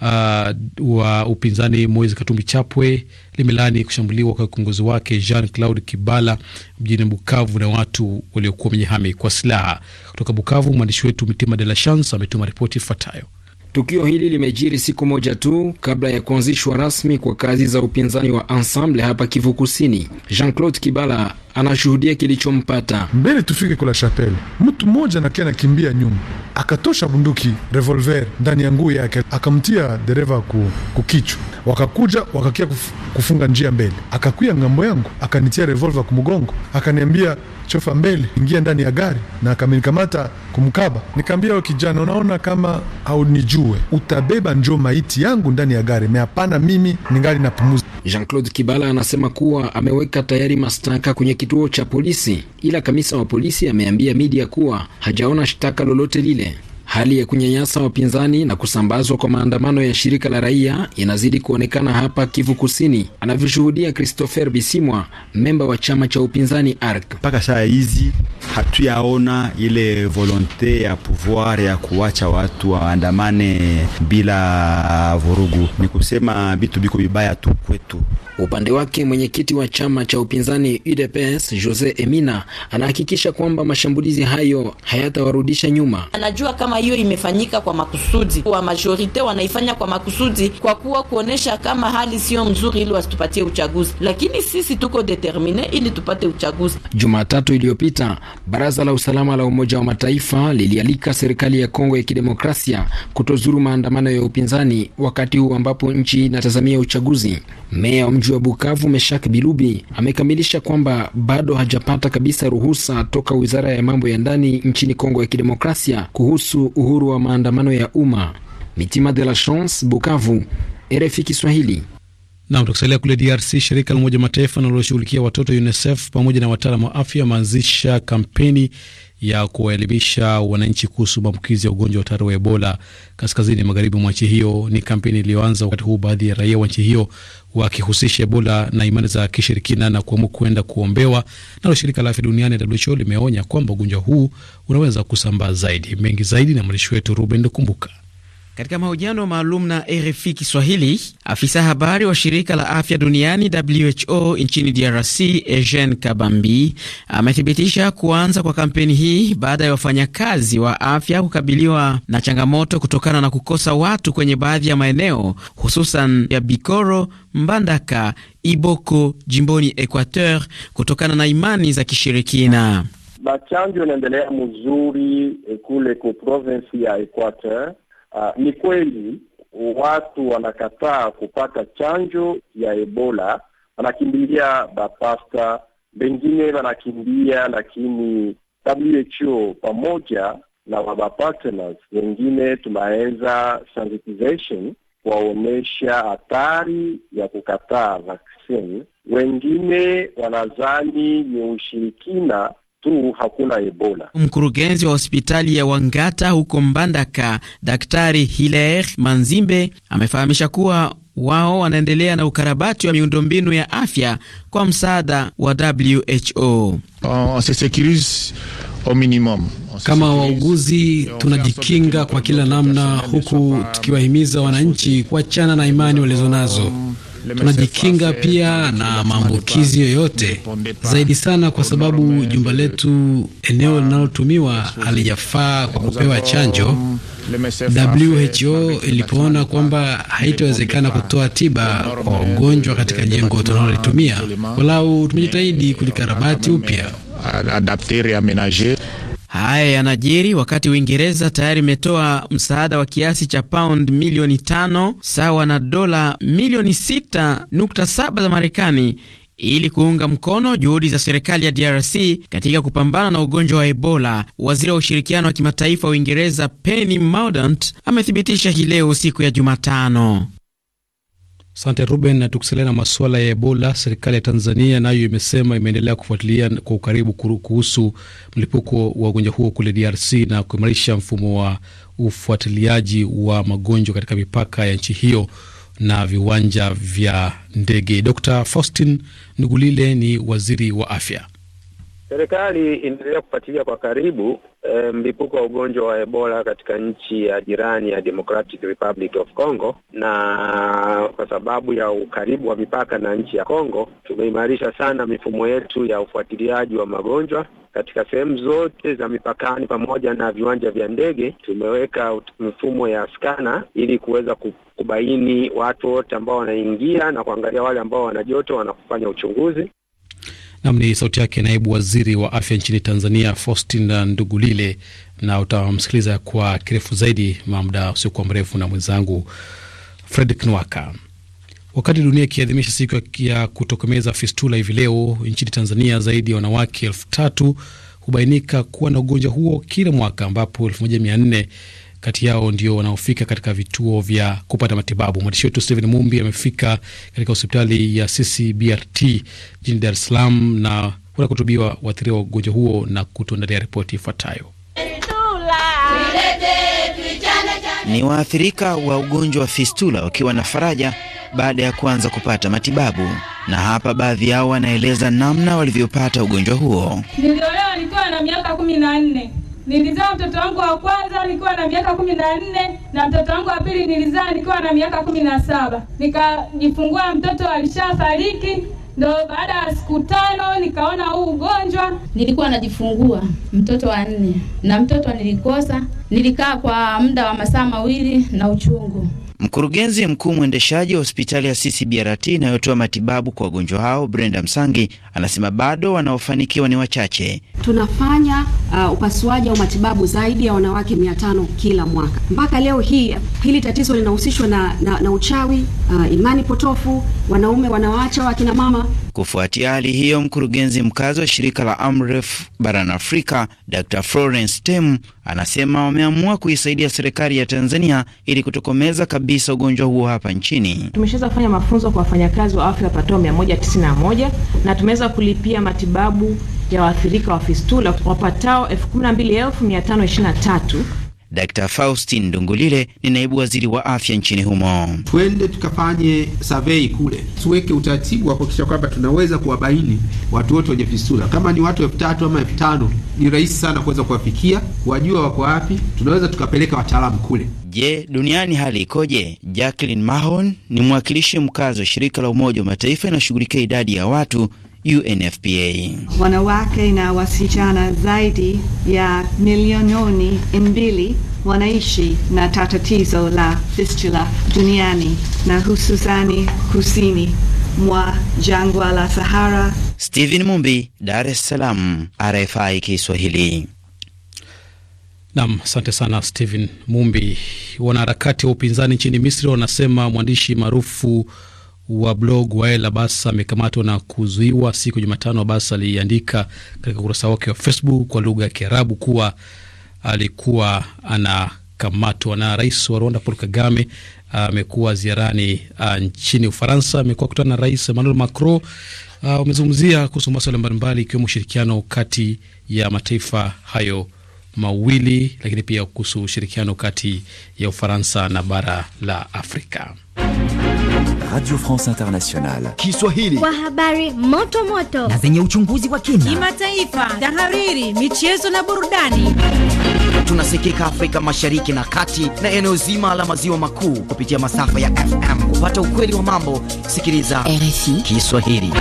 uh, wa upinzani Moise Katumbi Chapwe limelani kushambuliwa kwa kiongozi wake Jean Claude Kibala mjini Bukavu na watu waliokuwa hami kwa silaha. Kutoka Bukavu, mwandishi wetu Mitima De La Chance ametuma ripoti ifuatayo. Tukio hili limejiri siku moja tu kabla ya kuanzishwa rasmi kwa kazi za upinzani wa Ensemble hapa Kivu Kusini. Jean-Claude Kibala anashuhudia kilichompata mbele. Tufike kula chapele, mtu mmoja nakia nakimbia nyuma, akatosha bunduki revolver ndani ya nguu yake, akamtia dereva ku, kukichwa. Wakakuja wakakia kuf, kufunga njia mbele, akakuya ngambo yangu, akanitia revolver kumgongo, akaniambia chofa mbele, ingia ndani ya gari, na akamnikamata kumkaba. Nikaambia we kijana, unaona kama haunijue utabeba njo maiti yangu ndani ya gari, meapana mimi ningali napumuza. Jean Claude Kibala anasema kuwa ameweka tayari mashtaka kwenye kituo cha polisi, ila kamisa wa polisi ameambia media kuwa hajaona shtaka lolote lile. Hali ya kunyanyasa wapinzani na kusambazwa kwa maandamano ya shirika la raia inazidi kuonekana hapa Kivu Kusini, anavyoshuhudia Christopher Bisimwa, memba wa chama cha upinzani ARC. Mpaka saa hizi hatuyaona ile volonte ya pouvoir ya kuwacha watu waandamane bila vurugu. Ni kusema vitu biko vibaya tu kwetu Upande wake mwenyekiti wa chama cha upinzani UDPS Jose Emina anahakikisha kwamba mashambulizi hayo hayatawarudisha nyuma. Anajua kama hiyo imefanyika kwa makusudi, wa majorite wanaifanya kwa makusudi, kwa kuwa kuonesha kama hali siyo mzuri, ili wasitupatie uchaguzi, lakini sisi tuko determine ili tupate uchaguzi. Jumatatu iliyopita baraza la usalama la Umoja wa Mataifa lilialika serikali ya Kongo ya Kidemokrasia kutozuru maandamano ya upinzani wakati huu ambapo nchi inatazamia uchaguzi. Meya Mji wa Bukavu, Meshak Bilubi amekamilisha kwamba bado hajapata kabisa ruhusa toka Wizara ya Mambo ya Ndani nchini Kongo ya Kidemokrasia kuhusu uhuru wa maandamano ya umma. Mitima de la Chance, Bukavu, RFI Kiswahili. Nam, tukisalia kule DRC, shirika la Umoja Mataifa linaloshughulikia watoto UNICEF pamoja na wataalamu wa afya wameanzisha kampeni ya kuwaelimisha wananchi kuhusu maambukizi ya ugonjwa hatari wa Ebola kaskazini magharibi mwa nchi hiyo. Ni kampeni iliyoanza wakati huu, baadhi ya raia wa nchi hiyo wakihusisha Ebola na imani za kishirikina na kuamua kuenda kuombewa. Nalo shirika la afya duniani WHO limeonya kwamba ugonjwa huu unaweza kusambaa zaidi. Mengi zaidi na mwandishi wetu Ruben Kumbuka. Katika mahojiano maalum na RFI Kiswahili, afisa habari wa shirika la afya duniani WHO nchini DRC Eugene Kabambi amethibitisha kuanza kwa kampeni hii baada ya wafanyakazi wa afya kukabiliwa na changamoto kutokana na kukosa watu kwenye baadhi ya maeneo hususan ya Bikoro, Mbandaka, Iboko jimboni Equateur kutokana na imani za kishirikina. Bachanjo inaendelea mzuri eh, kule ku ya Equateur Uh, ni kweli watu wanakataa kupata chanjo ya Ebola, wanakimbilia Bapasta, wengine wanakimbia, lakini WHO pamoja na wabapartners wengine tunaweza sensitization kuwaonyesha hatari ya kukataa vaccine. Wengine wanazani ni ushirikina tu hakuna Ebola. Mkurugenzi wa hospitali ya Wangata huko Mbandaka, Daktari Hilaire Manzimbe amefahamisha kuwa wao wanaendelea na ukarabati wa miundombinu ya afya kwa msaada wa WHO. Uh, kama wauguzi tunajikinga kwa kila namna, huku tukiwahimiza wananchi kuachana na imani walizonazo tunajikinga pia na maambukizi yoyote zaidi sana, kwa sababu jumba letu, eneo linalotumiwa halijafaa kwa kupewa chanjo. WHO ilipoona kwamba haitawezekana kutoa tiba kwa wagonjwa katika jengo tunalolitumia, walau tumejitahidi kulikarabati upya. Haya yanajiri wakati Uingereza tayari imetoa msaada wa kiasi cha pound milioni tano sawa na dola milioni sita nukta saba za Marekani ili kuunga mkono juhudi za serikali ya DRC katika kupambana na ugonjwa wa Ebola. Waziri wa ushirikiano wa kimataifa wa Uingereza Penny Mordaunt amethibitisha hii leo siku ya Jumatano. Asante Ruben, na tukisalia na masuala ya Ebola, serikali ya Tanzania nayo imesema imeendelea kufuatilia kwa ukaribu kuhusu mlipuko wa ugonjwa huo kule DRC na kuimarisha mfumo wa ufuatiliaji wa magonjwa katika mipaka ya nchi hiyo na viwanja vya ndege. Dr Faustin Nugulile ni waziri wa afya. Serikali inaendelea kufuatilia kwa karibu e, mlipuko wa ugonjwa wa Ebola katika nchi ya jirani ya Democratic Republic of Congo, na kwa sababu ya ukaribu wa mipaka na nchi ya Congo, tumeimarisha sana mifumo yetu ya ufuatiliaji wa magonjwa katika sehemu zote za mipakani pamoja na viwanja vya ndege. Tumeweka mifumo ya skana ili kuweza kubaini watu wote ambao wanaingia na kuangalia wale ambao wana joto, wanakufanya uchunguzi. Nam ni sauti yake naibu waziri wa afya nchini Tanzania, Faustin Ndugulile, na utamsikiliza kwa kirefu zaidi mamda usiokuwa mrefu na mwenzangu Fredrik Nwaka. Wakati dunia ikiadhimisha siku ya kutokomeza fistula hivi leo, nchini Tanzania zaidi ya wanawake elfu tatu hubainika kuwa na ugonjwa huo kila mwaka, ambapo elfu moja mia nne kati yao ndio wanaofika katika vituo vya kupata matibabu. Mwandishi wetu Steven Mumbi amefika katika hospitali ya CCBRT jijini Dar es Salaam na wanakutubiwa waathiriwa wa ugonjwa huo na kutuandalia ripoti ifuatayo. Ni waathirika wa ugonjwa wa fistula wakiwa na faraja baada ya kuanza kupata matibabu, na hapa baadhi yao wanaeleza namna walivyopata ugonjwa huo. Niliolewa nikiwa na miaka kumi na nne Nilizaa mtoto wangu wa kwanza nikiwa na miaka kumi na nne na mtoto wangu wa pili nilizaa nikiwa na miaka kumi na saba Nikajifungua mtoto alishafariki, ndo baada ya siku tano nikaona huu ugonjwa. Nilikuwa najifungua mtoto wa nne na mtoto nilikosa, nilikaa kwa muda wa masaa mawili na uchungu Mkurugenzi mkuu mwendeshaji wa hospitali ya CCBRT inayotoa matibabu kwa wagonjwa hao, Brenda Msangi, anasema bado wanaofanikiwa ni wachache. Tunafanya uh, upasuaji au matibabu zaidi ya wanawake mia tano kila mwaka. Mpaka leo hii hili tatizo linahusishwa na, na, na uchawi, uh, imani potofu, wanaume wanawaacha wakina mama Kufuatia hali hiyo, mkurugenzi mkazi wa shirika la Amref barani Afrika Dr Florence tem anasema wameamua kuisaidia serikali ya Tanzania ili kutokomeza kabisa ugonjwa huo hapa nchini. Tumeshaweza kufanya mafunzo kwa wafanyakazi wa afya wapatao 191 na tumeweza kulipia matibabu ya waathirika wa fistula wapatao tatu Dr. Faustin Ndungulile ni naibu waziri wa afya nchini humo. Twende tukafanye survey kule, tuweke utaratibu wa kuhakikisha kwamba tunaweza kuwabaini watu wote wenye fistula. Kama ni watu elfu tatu ama elfu tano ni rahisi sana kuweza kuwafikia, kuwajua wako wapi, tunaweza tukapeleka wataalamu kule. Je, duniani hali ikoje? Jacqueline Mahon ni mwakilishi mkazi wa shirika la Umoja wa Mataifa inashughulikia idadi ya watu UNFPA. Wanawake na wasichana zaidi ya milioni mbili wanaishi na tatatizo la fistula duniani na hususani kusini mwa jangwa la Sahara. Stephen Mumbi, Dar es Salaam, RFI Kiswahili. Nam, asante sana Stephen Mumbi. Wanaharakati wa upinzani nchini Misri wanasema mwandishi maarufu wa blog Wael Abbas amekamatwa na kuzuiwa siku ya Jumatano. Abbas aliandika katika ukurasa wake wa Facebook kwa lugha ya Kiarabu kuwa alikuwa anakamatwa. Na rais wa Rwanda Paul Kagame ah, amekuwa ziarani a, ah, nchini Ufaransa. Amekuwa kutana na rais Emmanuel Macron, amezungumzia ah, kuhusu masuala mbalimbali ikiwemo ushirikiano kati ya mataifa hayo mawili, lakini pia kuhusu ushirikiano kati ya Ufaransa na bara la Afrika. Radio France Internationale Kiswahili, kwa habari moto moto na zenye uchunguzi wa kina, kimataifa, tahariri, michezo na burudani. Tunasikika Afrika Mashariki na Kati na eneo zima la maziwa makuu kupitia masafa ya FM. Kupata ukweli wa mambo, sikiliza RFI Kiswahili.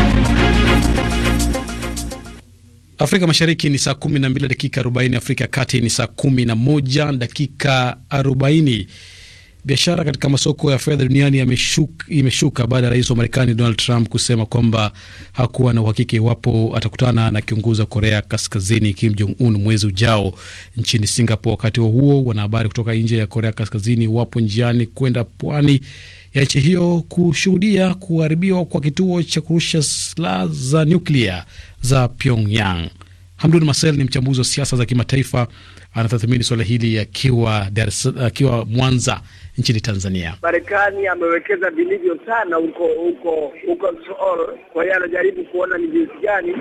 Afrika Mashariki ni saa 12 dakika 40, Afrika ya Kati ni saa 11 dakika 40. Biashara katika masoko ya fedha duniani imeshuka, imeshuka baada ya rais wa Marekani Donald Trump kusema kwamba hakuwa na uhakika iwapo atakutana na kiongozi wa Korea Kaskazini Kim Jong Un mwezi ujao nchini Singapore. Wakati huo huo, wanahabari kutoka nje ya Korea Kaskazini wapo njiani kwenda pwani ya nchi hiyo kushuhudia kuharibiwa kwa kituo cha kurusha silaha za nyuklia za Pyongyang. Hamdun Masel ni mchambuzi wa siasa za kimataifa, anatathmini suala hili akiwa Mwanza nchini Tanzania. Marekani amewekeza vilivyo sana huko huko huko Seoul, kwa hiyo anajaribu kuona ni jinsi gani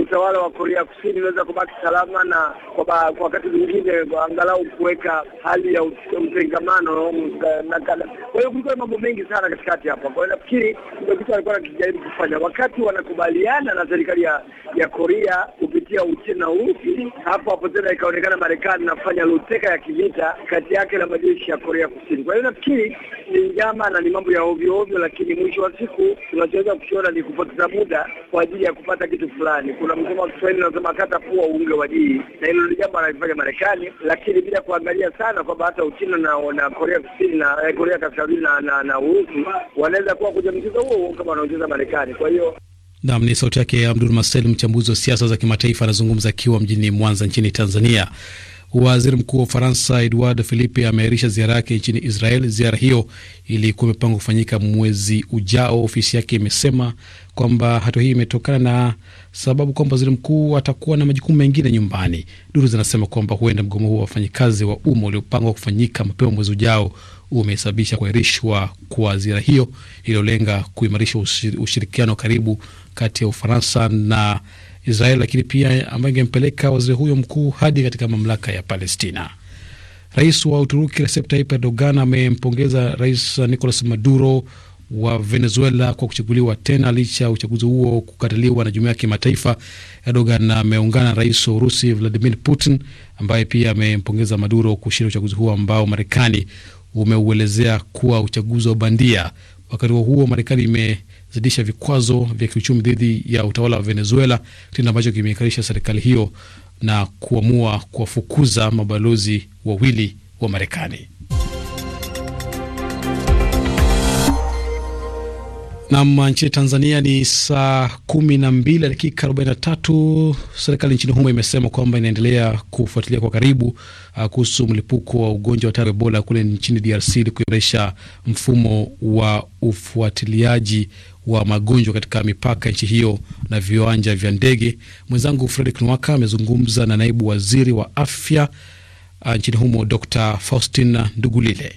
utawala wa Korea Kusini unaweza kubaki salama na kwa wakati mwingine angalau kuweka hali ya mtengamano. Kwa hiyo kulikuwa mambo mengi sana katikati hapa, kwa hiyo nafikiri kitu alikuwa anajaribu kufanya wakati wanakubaliana na serikali ya, ya Korea kupitia Uchina na Urusi. Hapo hapo tena ikaonekana Marekani nafanya luteka ya kivita kati yake na majeshi ya Korea Kusini. Kwa hiyo nafikiri ni njama na ni mambo ya ovyo ovyo, lakini mwisho wa siku tunachoweza kukiona ni kupoteza muda kwa ajili ya kupata kitu fulani. Kuna msemo wa Kiswahili unasema kata pua uunge wa jii, na hilo ni jambo analifanya Marekani, lakini bila kuangalia sana kwamba hata Uchina na, na Korea Kusini na eh, Korea Kaskazini na, na, na Urusi wanaweza kuwa kwenye mchezo huo kama wanaocheza Marekani. Kwa hiyo Nam ni sauti yake Abdul Masel, mchambuzi wa siasa za kimataifa, anazungumza akiwa mjini Mwanza nchini Tanzania. Waziri mkuu wa Ufaransa Edouard Philippe ameahirisha ziara yake nchini Israel. Ziara hiyo ilikuwa imepangwa kufanyika mwezi ujao. Ofisi yake imesema kwamba hatua hii imetokana na sababu kwamba waziri mkuu atakuwa na majukumu mengine nyumbani. Duru zinasema kwamba huenda mgomo huo wa wafanyikazi wa umma uliopangwa kufanyika mapema mwezi ujao umesababisha kuahirishwa kwa ziara hiyo iliyolenga kuimarisha ushirikiano karibu kati ya Ufaransa na Israel, lakini pia ambayo ingempeleka waziri huyo mkuu hadi katika mamlaka ya Palestina. Rais wa Uturuki Recep Tayyip Erdogan amempongeza Rais Nicolas Maduro wa Venezuela kwa kuchaguliwa tena licha ya uchaguzi huo kukataliwa na jumuiya ya kimataifa. Erdogan ameungana na rais wa Urusi Vladimir Putin ambaye pia amempongeza Maduro kushinda uchaguzi huo ambao Marekani umeuelezea kuwa uchaguzi wa bandia. Wakati huo huo, Marekani zidisha vikwazo vya kiuchumi dhidi ya utawala wa Venezuela, kitendo ambacho kimeikarisha serikali hiyo na kuamua kuwafukuza mabalozi wawili wa Marekani. Nam, nchini Tanzania ni saa kumi na mbili na dakika arobaini na tatu. Serikali nchini humo imesema kwamba inaendelea kufuatilia kwa karibu uh, kuhusu mlipuko wa ugonjwa hatari wa Ebola kule nchini DRC ili kuimarisha mfumo wa ufuatiliaji wa magonjwa katika mipaka nchi hiyo na viwanja vya ndege. Mwenzangu Fredrick Nwaka amezungumza na naibu waziri wa afya uh, nchini humo Dr Faustin Ndugulile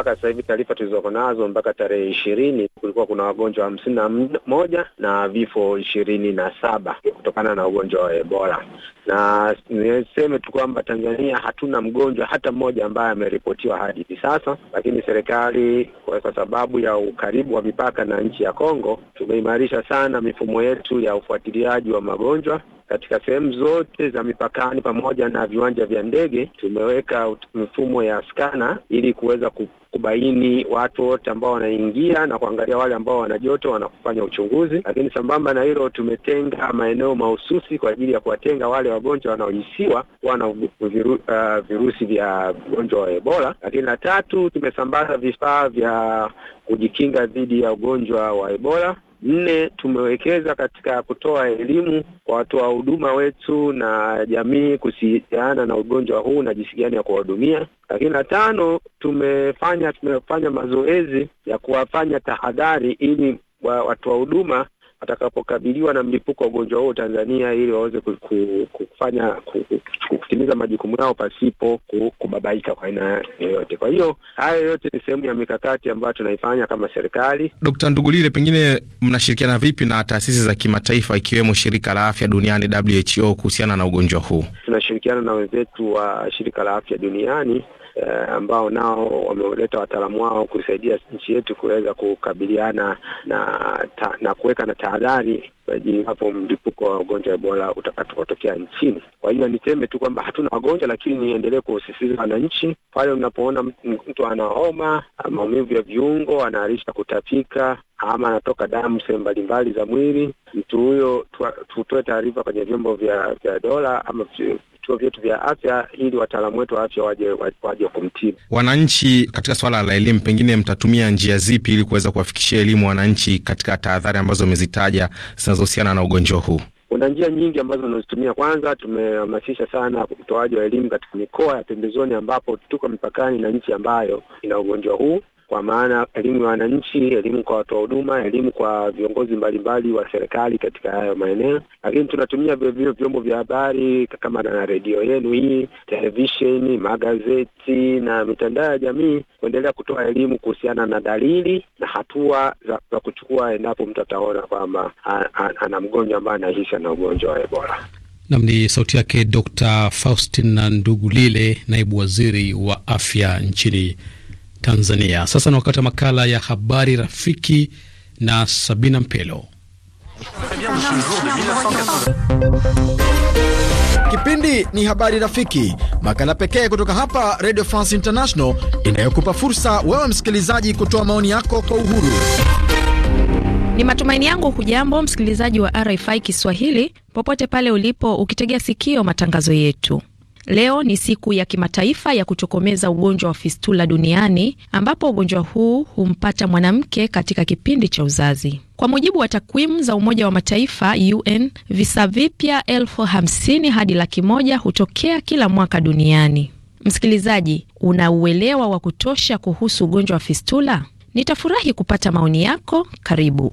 mpaka sasa hivi taarifa tulizoko nazo mpaka tarehe ishirini kulikuwa kuna wagonjwa hamsini na moja na vifo ishirini na saba kutokana na ugonjwa wa Ebola, na niseme tu kwamba Tanzania hatuna mgonjwa hata mmoja ambaye ameripotiwa hadi hivi sasa, lakini serikali kwa sababu ya ukaribu wa mipaka na nchi ya Kongo tumeimarisha sana mifumo yetu ya ufuatiliaji wa magonjwa katika sehemu zote za mipakani pamoja na viwanja vya ndege. Tumeweka mifumo ya skana ili kuweza kubaini watu wote ambao wanaingia na kuangalia wale ambao wana joto wanakufanya uchunguzi. Lakini sambamba na hilo, tumetenga maeneo mahususi kwa ajili ya kuwatenga wale wagonjwa wanaohisiwa kuwa na viru, uh, virusi vya ugonjwa wa Ebola. Lakini la tatu, tumesambaza vifaa vya kujikinga dhidi ya ugonjwa wa Ebola Nne, tumewekeza katika kutoa elimu kwa watoa huduma wetu na jamii kuhusiana na ugonjwa huu na jinsi gani ya kuwahudumia. Lakini la tano, tumefanya tumefanya mazoezi ya kuwafanya tahadhari ili watoa huduma watakapokabiliwa na mlipuko wa ugonjwa huo Tanzania, ili waweze kufanya kutimiza majukumu yao pasipo kubabaika kwa aina yoyote. Kwa hiyo hayo yote ni sehemu ya mikakati ambayo tunaifanya kama serikali. Dkt. Ndugulile, pengine mnashirikiana vipi na taasisi za kimataifa ikiwemo shirika la afya duniani WHO kuhusiana na ugonjwa huu? Tunashirikiana na wenzetu wa shirika la afya duniani eh, ambao nao wameleta wataalamu wao kusaidia nchi yetu kuweza kukabiliana na ta, na kuweka na tahadhari iwapo mlipuko wa ugonjwa wa Ebola utakapotokea nchini. Kwa hiyo niseme tu kwamba hatuna wagonjwa, lakini niendelee kusisitiza wananchi, pale mnapoona mtu ana homa, maumivu ya viungo, anaharisha kutapika ama anatoka damu sehemu mbalimbali za mwili, mtu huyo tutoe taarifa kwenye vyombo vya, vya dola ama vituo vyetu vya afya ili wataalamu wetu wa afya waje, waje kumtibu wananchi. Katika swala la elimu, pengine mtatumia njia zipi ili kuweza kuwafikishia elimu wananchi katika tahadhari ambazo umezitaja zinazohusiana na ugonjwa huu? Kuna njia nyingi ambazo tunazitumia. Kwanza, tumehamasisha sana utoaji wa elimu katika mikoa ya pembezoni ambapo tuko mipakani na nchi ambayo ina ugonjwa huu kwa maana elimu ya wananchi, elimu kwa watoa huduma, elimu kwa viongozi mbalimbali wa serikali katika hayo maeneo. Lakini tunatumia vilevile vyombo vya habari kama na redio yenu hii, televisheni, magazeti na mitandao ya jamii kuendelea kutoa elimu kuhusiana na dalili na hatua za, za kuchukua endapo mtu ataona kwamba ana mgonjwa ambaye anahisi ana ugonjwa wa Ebola. Nam ni sauti yake Dr. Faustin Ndugulile, naibu waziri wa afya nchini Tanzania. Sasa ni wakati wa makala ya habari rafiki na Sabina Mpelo. Kipindi ni habari rafiki, makala pekee kutoka hapa Radio France International inayokupa fursa wewe msikilizaji kutoa maoni yako kwa uhuru. Ni matumaini yangu hujambo msikilizaji wa RFI Kiswahili popote pale ulipo, ukitegea sikio matangazo yetu. Leo ni siku ya kimataifa ya kutokomeza ugonjwa wa fistula duniani ambapo ugonjwa huu humpata mwanamke katika kipindi cha uzazi. Kwa mujibu wa takwimu za Umoja wa Mataifa UN, visa vipya elfu hamsini hadi laki moja hutokea kila mwaka duniani. Msikilizaji, una uelewa wa kutosha kuhusu ugonjwa wa fistula? Nitafurahi kupata maoni yako. Karibu.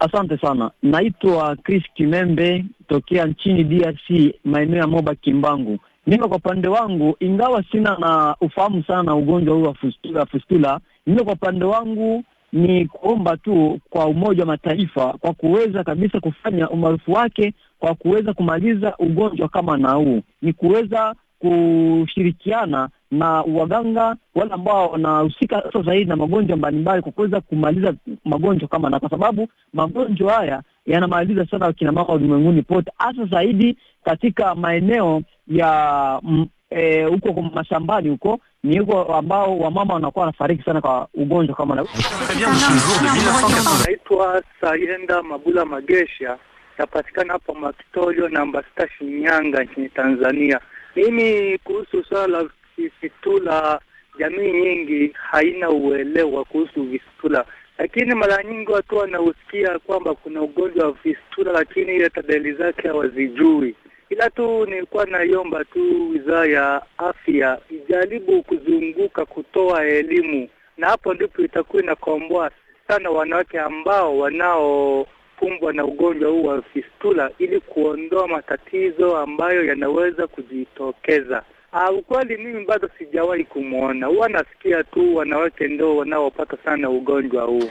Asante sana, naitwa Chris Kimembe tokea nchini DRC, maeneo ya Moba Kimbangu. Mimi kwa upande wangu, ingawa sina na ufahamu sana na ugonjwa huu wa fustula fistula mimi kwa upande wangu ni kuomba tu kwa Umoja wa Mataifa kwa kuweza kabisa kufanya umaarufu wake kwa kuweza kumaliza ugonjwa kama na huu, ni kuweza kushirikiana na waganga wale ambao wanahusika hasa zaidi na magonjwa mbalimbali, kwa kuweza kumaliza magonjwa kama na, kwa sababu magonjwa haya yanamaliza sana wakina mama ulimwenguni pote, hasa zaidi katika maeneo ya mm, e, huko e, mashambani huko ni huko ambao wamama wanakuwa wanafariki sana kwa ugonjwa kama na. Naitwa Sayenda Mabula Magesha, napatikana hapa Makitolio namba sita, Shinyanga nchini Tanzania. Mimi kuhusu swala la visitula, jamii nyingi haina uelewa kuhusu visitula, lakini mara nyingi watu wanahusikia kwamba kuna ugonjwa wa visitula, lakini ile dalili zake hawazijui. Ila tu nilikuwa naiomba tu wizara ya afya ijaribu kuzunguka kutoa elimu, na hapo ndipo itakuwa inakomboa sana wanawake ambao wanaokumbwa na ugonjwa huu wa fistula, ili kuondoa matatizo ambayo yanaweza kujitokeza. Uh, ukweli mimi bado sijawahi kumwona. Huwa nasikia tu wanawake ndio wanaopata sana ugonjwa huu.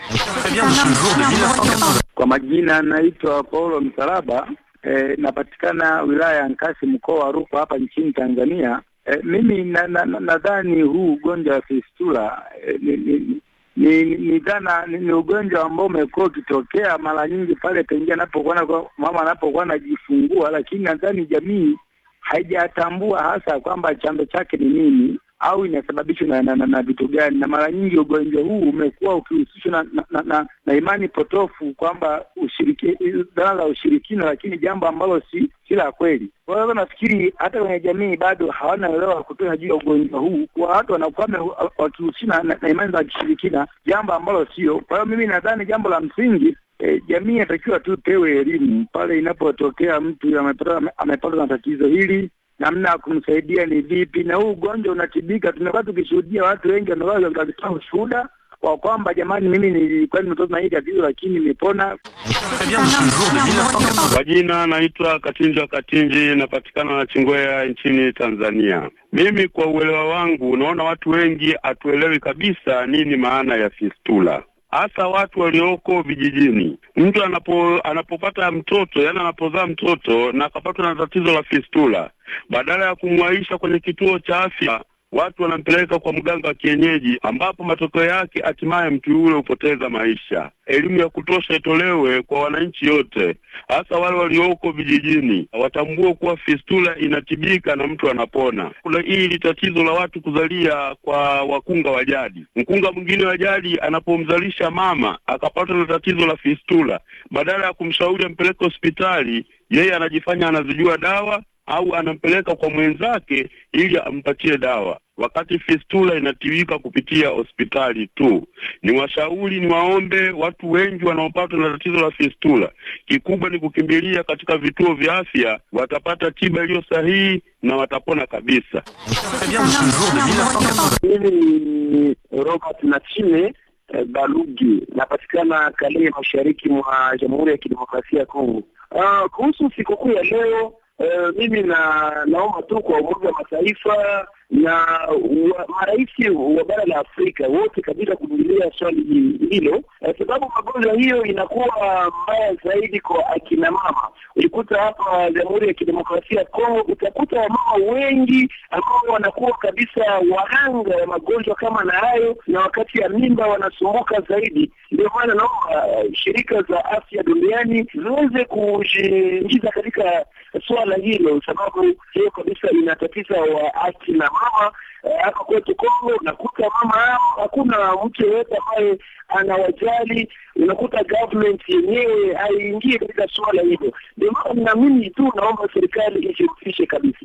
Kwa majina naitwa Paulo Msalaba, eh, napatikana wilaya ya Nkasi mkoa wa Rukwa hapa nchini Tanzania. Eh, mimi nadhani na, na huu ugonjwa wa fistula eh, ni, ni, ni ni ni, ni ugonjwa ambao umekuwa ukitokea mara nyingi pale pengine anapokuwa mama anapokuwa anajifungua, lakini nadhani jamii haijatambua hasa kwamba chanzo chake ni nini au inasababishwa na, na, na, na vitu gani, na mara nyingi ugonjwa huu umekuwa ukihusishwa na, na, na, na, na imani potofu kwamba dhana za ushirikina, lakini jambo ambalo si si la kweli. Kwa hiyo nafikiri hata kwenye jamii bado hawana uelewa wa kutosha juu ya ugonjwa huu, kwa watu wanakuwa wakihusishwa na, na imani za kishirikina, jambo ambalo sio. Kwa hiyo mimi nadhani jambo la msingi E, jamii inatakiwa tu pewe elimu pale inapotokea mtu amepata na tatizo hili, namna ya kumsaidia ni vipi, na huu ugonjwa unatibika. Tumekuwa tukishuhudia watu wengi wametoa ushuhuda kwa kwamba jamani, mimi nilikuwa na hili tatizo lakini nimepona. Kwa jina naitwa Katinji wa Katinji, napatikana na Chingwea nchini Tanzania. Mimi kwa uelewa wangu, unaona watu wengi hatuelewi kabisa nini maana ya fistula hasa watu walioko vijijini. Mtu anapo anapopata mtoto, yani anapozaa mtoto na akapatwa na tatizo la fistula, badala ya kumwaisha kwenye kituo cha afya watu wanampeleka kwa mganga wa kienyeji, ambapo matokeo yake hatimaye mtu yule hupoteza maisha. Elimu ya kutosha itolewe kwa wananchi yote, hasa wale walioko vijijini, watambue kuwa fistula inatibika na mtu anapona. Kuna hili tatizo la watu kuzalia kwa wakunga wa jadi. Mkunga mwingine wa jadi anapomzalisha mama akapatwa na tatizo la fistula, badala ya kumshauri ampeleke hospitali, yeye anajifanya anazijua dawa au anampeleka kwa mwenzake ili ampatie dawa, wakati fistula inatiwika kupitia hospitali tu. Ni washauri ni waombe watu wengi wanaopatwa na tatizo la fistula, kikubwa ni kukimbilia katika vituo vya afya, watapata tiba iliyo sahihi na watapona kabisa. Mimi ni Robert Nachime eh, Balugi, napatikana Kalehe, mashariki mwa Jamhuri ya Kidemokrasia ya Kongo. Uh, kuhusu sikukuu ya leo Eh, mimi na naomba tu kwa Umoja wa Mataifa na marais wa bara la Afrika wote kabisa kuingilia swali hilo, eh, sababu magonjwa hiyo inakuwa mbaya zaidi kwa akina mama. Ulikuta hapa Jamhuri ya Kidemokrasia ya Kongo, utakuta wamama wengi ambao wanakuwa kabisa wahanga ya magonjwa kama na hayo, na wakati ya mimba wanasumbuka zaidi. Ndio maana naomba eh, shirika za afya duniani ziweze kujiingiza katika swala hilo, sababu hiyo kabisa inatatiza wa akina mama eh, hapa kwetu Kongo, unakuta mama hakuna mtu yeyote ambaye anawajali. Unakuta government yenyewe haiingie katika suala hilo, ndio maana ninaamini tu, naomba serikali ishirikishe kabisa.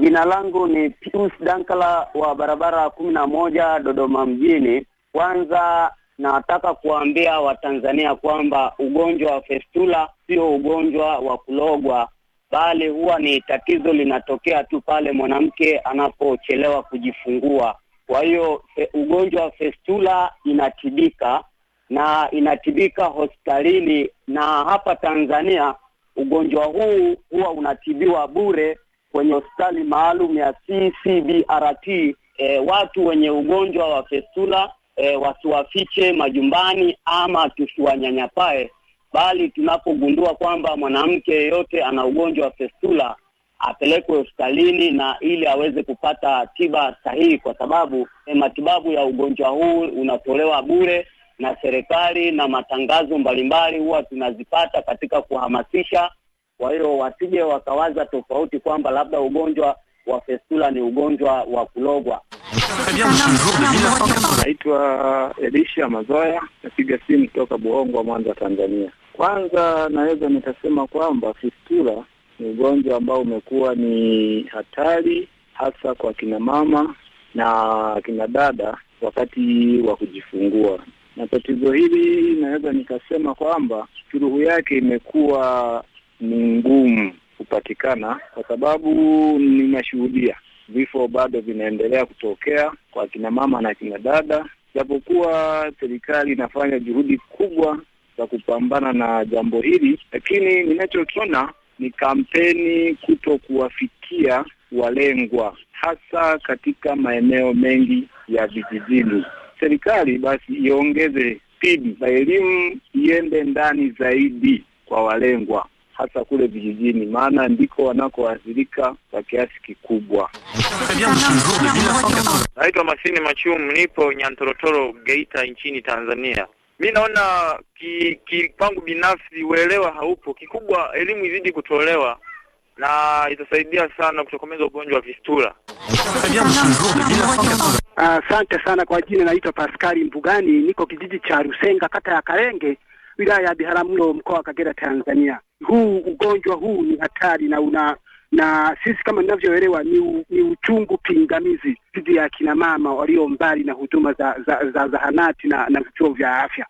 Jina langu ni Pius Dankala wa barabara kumi na moja Dodoma mjini. Kwanza nataka kuwaambia Watanzania kwamba ugonjwa wa festula sio ugonjwa wa kulogwa bali huwa ni tatizo linatokea tu pale mwanamke anapochelewa kujifungua. Kwa hiyo ugonjwa wa festula inatibika na inatibika hospitalini, na hapa Tanzania ugonjwa huu huwa unatibiwa bure kwenye hospitali maalum ya CCBRT. E, watu wenye ugonjwa wa festula e, wasiwafiche majumbani ama tusiwanyanyapae, bali tunapogundua kwamba mwanamke yeyote ana ugonjwa wa festula apelekwe hospitalini na ili aweze kupata tiba sahihi, kwa sababu e, matibabu ya ugonjwa huu unatolewa bure na serikali, na matangazo mbalimbali huwa tunazipata katika kuhamasisha. Kwa hiyo wasije wakawaza tofauti kwamba labda ugonjwa wa festula ni ugonjwa wa kulogwa. Naitwa Elisha Mazoya, napiga simu kutoka Buhongwa, Mwanza, Tanzania. Kwanza naweza nikasema kwamba fistula ni ugonjwa ambao umekuwa ni hatari hasa kwa kina mama na kina dada wakati wa kujifungua, na tatizo hili naweza nikasema kwamba suluhu yake imekuwa ni ngumu kupatikana, kwa sababu ninashuhudia vifo bado vinaendelea kutokea kwa kina mama na kina dada, japokuwa serikali inafanya juhudi kubwa za kupambana na jambo hili, lakini ninachokiona ni kampeni kuto kuwafikia walengwa, hasa katika maeneo mengi ya vijijini. Serikali basi iongeze spidi na elimu iende ndani zaidi kwa walengwa, hasa kule vijijini, maana ndiko wanakoathirika kwa kiasi kikubwa. Naitwa Masini Machumu, nipo Nyantorotoro, Geita nchini Tanzania. Mi naona kikwangu ki binafsi uelewa haupo. Kikubwa elimu izidi kutolewa na itasaidia sana kutokomeza ugonjwa wa fistula. Asante uh, sana. Kwa jina naitwa Paskari Mbugani, niko kijiji cha Rusenga, kata ya Karenge, wilaya ya Biharamulo, mkoa wa Kagera, Tanzania. Huu ugonjwa huu ni hatari na una na sisi kama ninavyoelewa ni, ni uchungu pingamizi dhidi ya akina mama walio mbali na huduma za zahanati za, za na, na vituo vya afya.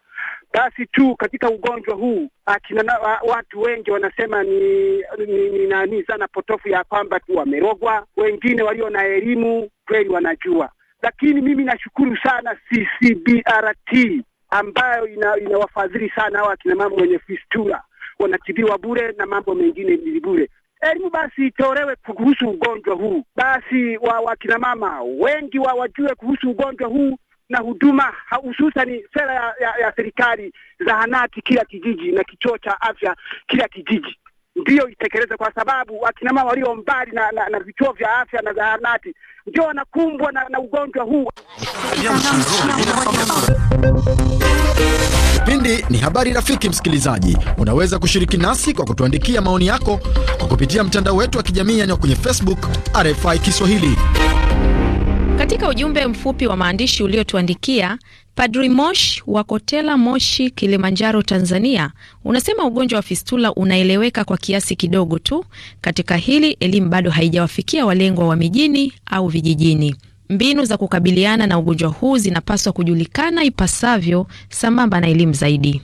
Basi tu katika ugonjwa huu akina watu wengi wanasema ni ni, ni, nani potofu ya kwamba tu wamerogwa. Wengine walio na elimu kweli wanajua, lakini mimi nashukuru sana CCBRT ambayo inawafadhili ina sana hawa akina mama wenye fistula wanatibiwa bure na mambo mengine ni bure elimu basi itolewe kuhusu ugonjwa huu, basi wa wakina mama wengi wa wajue kuhusu ugonjwa huu na huduma hususani sera ya, ya, ya serikali zahanati kila kijiji na kituo cha afya kila kijiji ndiyo itekeleze, kwa sababu akina mama walio mbali na, na, na vituo vya afya na zahanati ndio wanakumbwa na, na ugonjwa huu Kipindi ni habari rafiki. Msikilizaji, unaweza kushiriki nasi kwa kutuandikia maoni yako kwa kupitia mtandao wetu wa kijamii yani kwenye Facebook RFI Kiswahili. Katika ujumbe mfupi wa maandishi uliotuandikia Padri Mosh wa Kotela, Moshi, Kilimanjaro, Tanzania, unasema ugonjwa wa fistula unaeleweka kwa kiasi kidogo tu. Katika hili elimu bado haijawafikia walengwa wa mijini au vijijini. Mbinu za kukabiliana na ugonjwa huu zinapaswa kujulikana ipasavyo sambamba na elimu zaidi.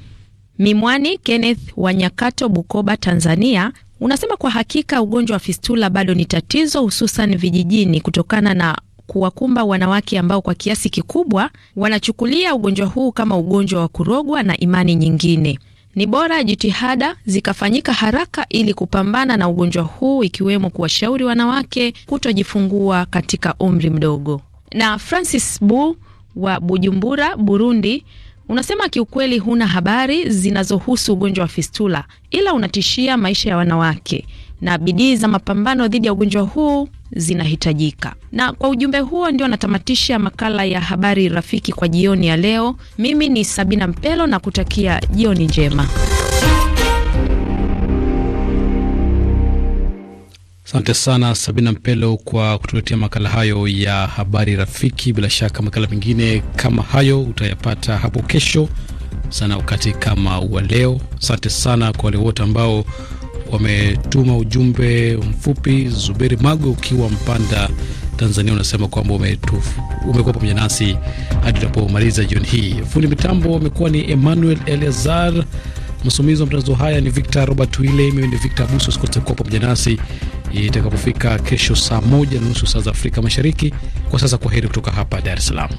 Mimwani Kenneth wa Nyakato, Bukoba, Tanzania, unasema kwa hakika ugonjwa wa fistula bado ni tatizo, hususan vijijini, kutokana na kuwakumba wanawake ambao kwa kiasi kikubwa wanachukulia ugonjwa huu kama ugonjwa wa kurogwa na imani nyingine ni bora jitihada zikafanyika haraka ili kupambana na ugonjwa huu, ikiwemo kuwashauri wanawake kutojifungua katika umri mdogo. Na Francis Bu wa Bujumbura, Burundi, unasema kiukweli, huna habari zinazohusu ugonjwa wa fistula, ila unatishia maisha ya wanawake na bidii za mapambano dhidi ya ugonjwa huu zinahitajika. Na kwa ujumbe huo ndio natamatisha makala ya habari rafiki kwa jioni ya leo. Mimi ni Sabina Mpelo na kutakia jioni njema. Asante sana Sabina Mpelo kwa kutuletea makala hayo ya habari rafiki. Bila shaka makala mengine kama hayo utayapata hapo kesho sana wakati kama wa leo. Asante sana kwa wale wote ambao wametuma ujumbe mfupi. Zuberi magwe ukiwa Mpanda, Tanzania, unasema kwamba umekuwa pamoja nasi hadi tunapomaliza jioni hii. Fundi mitambo amekuwa ni Emmanuel Eleazar, msimamizi wa matangazo haya ni Victor Robert Wile, mimi ni Victor Abuso. Usikose kuwa pamoja nasi itakapofika kesho saa moja na nusu saa za Afrika Mashariki. Kwa sasa, kwa heri kutoka hapa Dar es Salaam.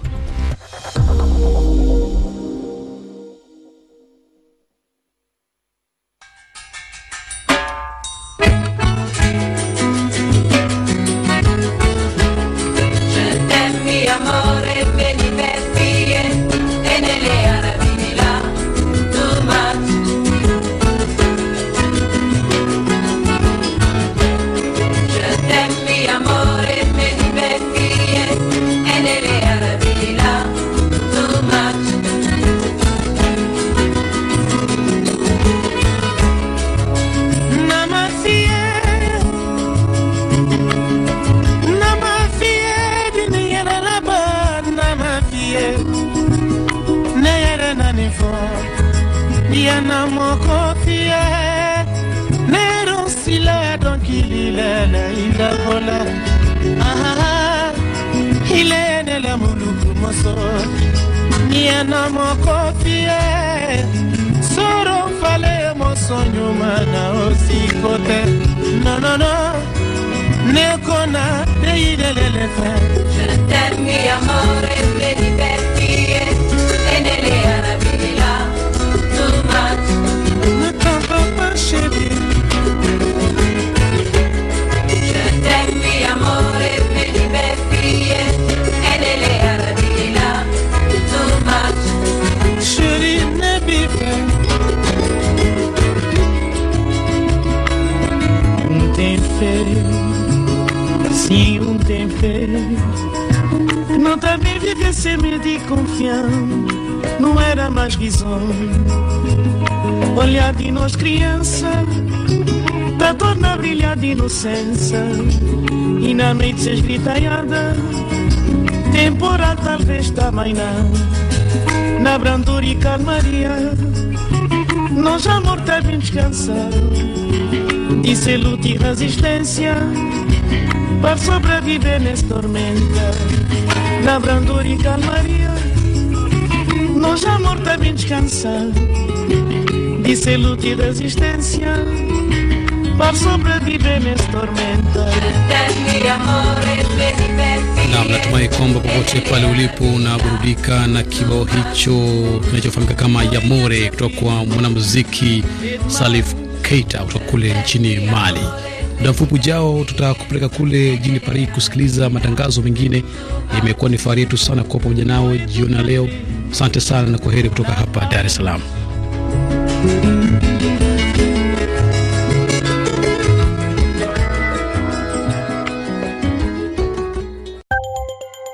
yana makofi soro fale mosonyuma na osiko te nonono nekona deidele fe Je t'aime amore, vedi per te, e nelle tentei. Não também tá viver sem medo e confiança, não era mais risonho. Olhar de nós criança, Da tá torna brilhar de inocência. E na noite se esgritaiada, temporal talvez também tá não. Na brandura e calmaria, nós já mortais bem descansar. De luta e resistência para sobreviver nas tormentas, na brandura e calmaria. Nós amor também descansar de ser da existência, para sobreviver nas tormentas. Namna tumai kwamba popote pale ulipo unaburudika na kibao hicho kinachofahamika kama Yamore kutoka kwa mwanamuziki Salif Keita kutoka kule nchini Mali. Muda mfupi ujao tutakupeleka kule jini Paris kusikiliza matangazo mengine. Imekuwa ni fahari yetu sana kuwa pamoja nao jioni ya leo. Asante sana na kwa heri kutoka hapa Dar es Salaam.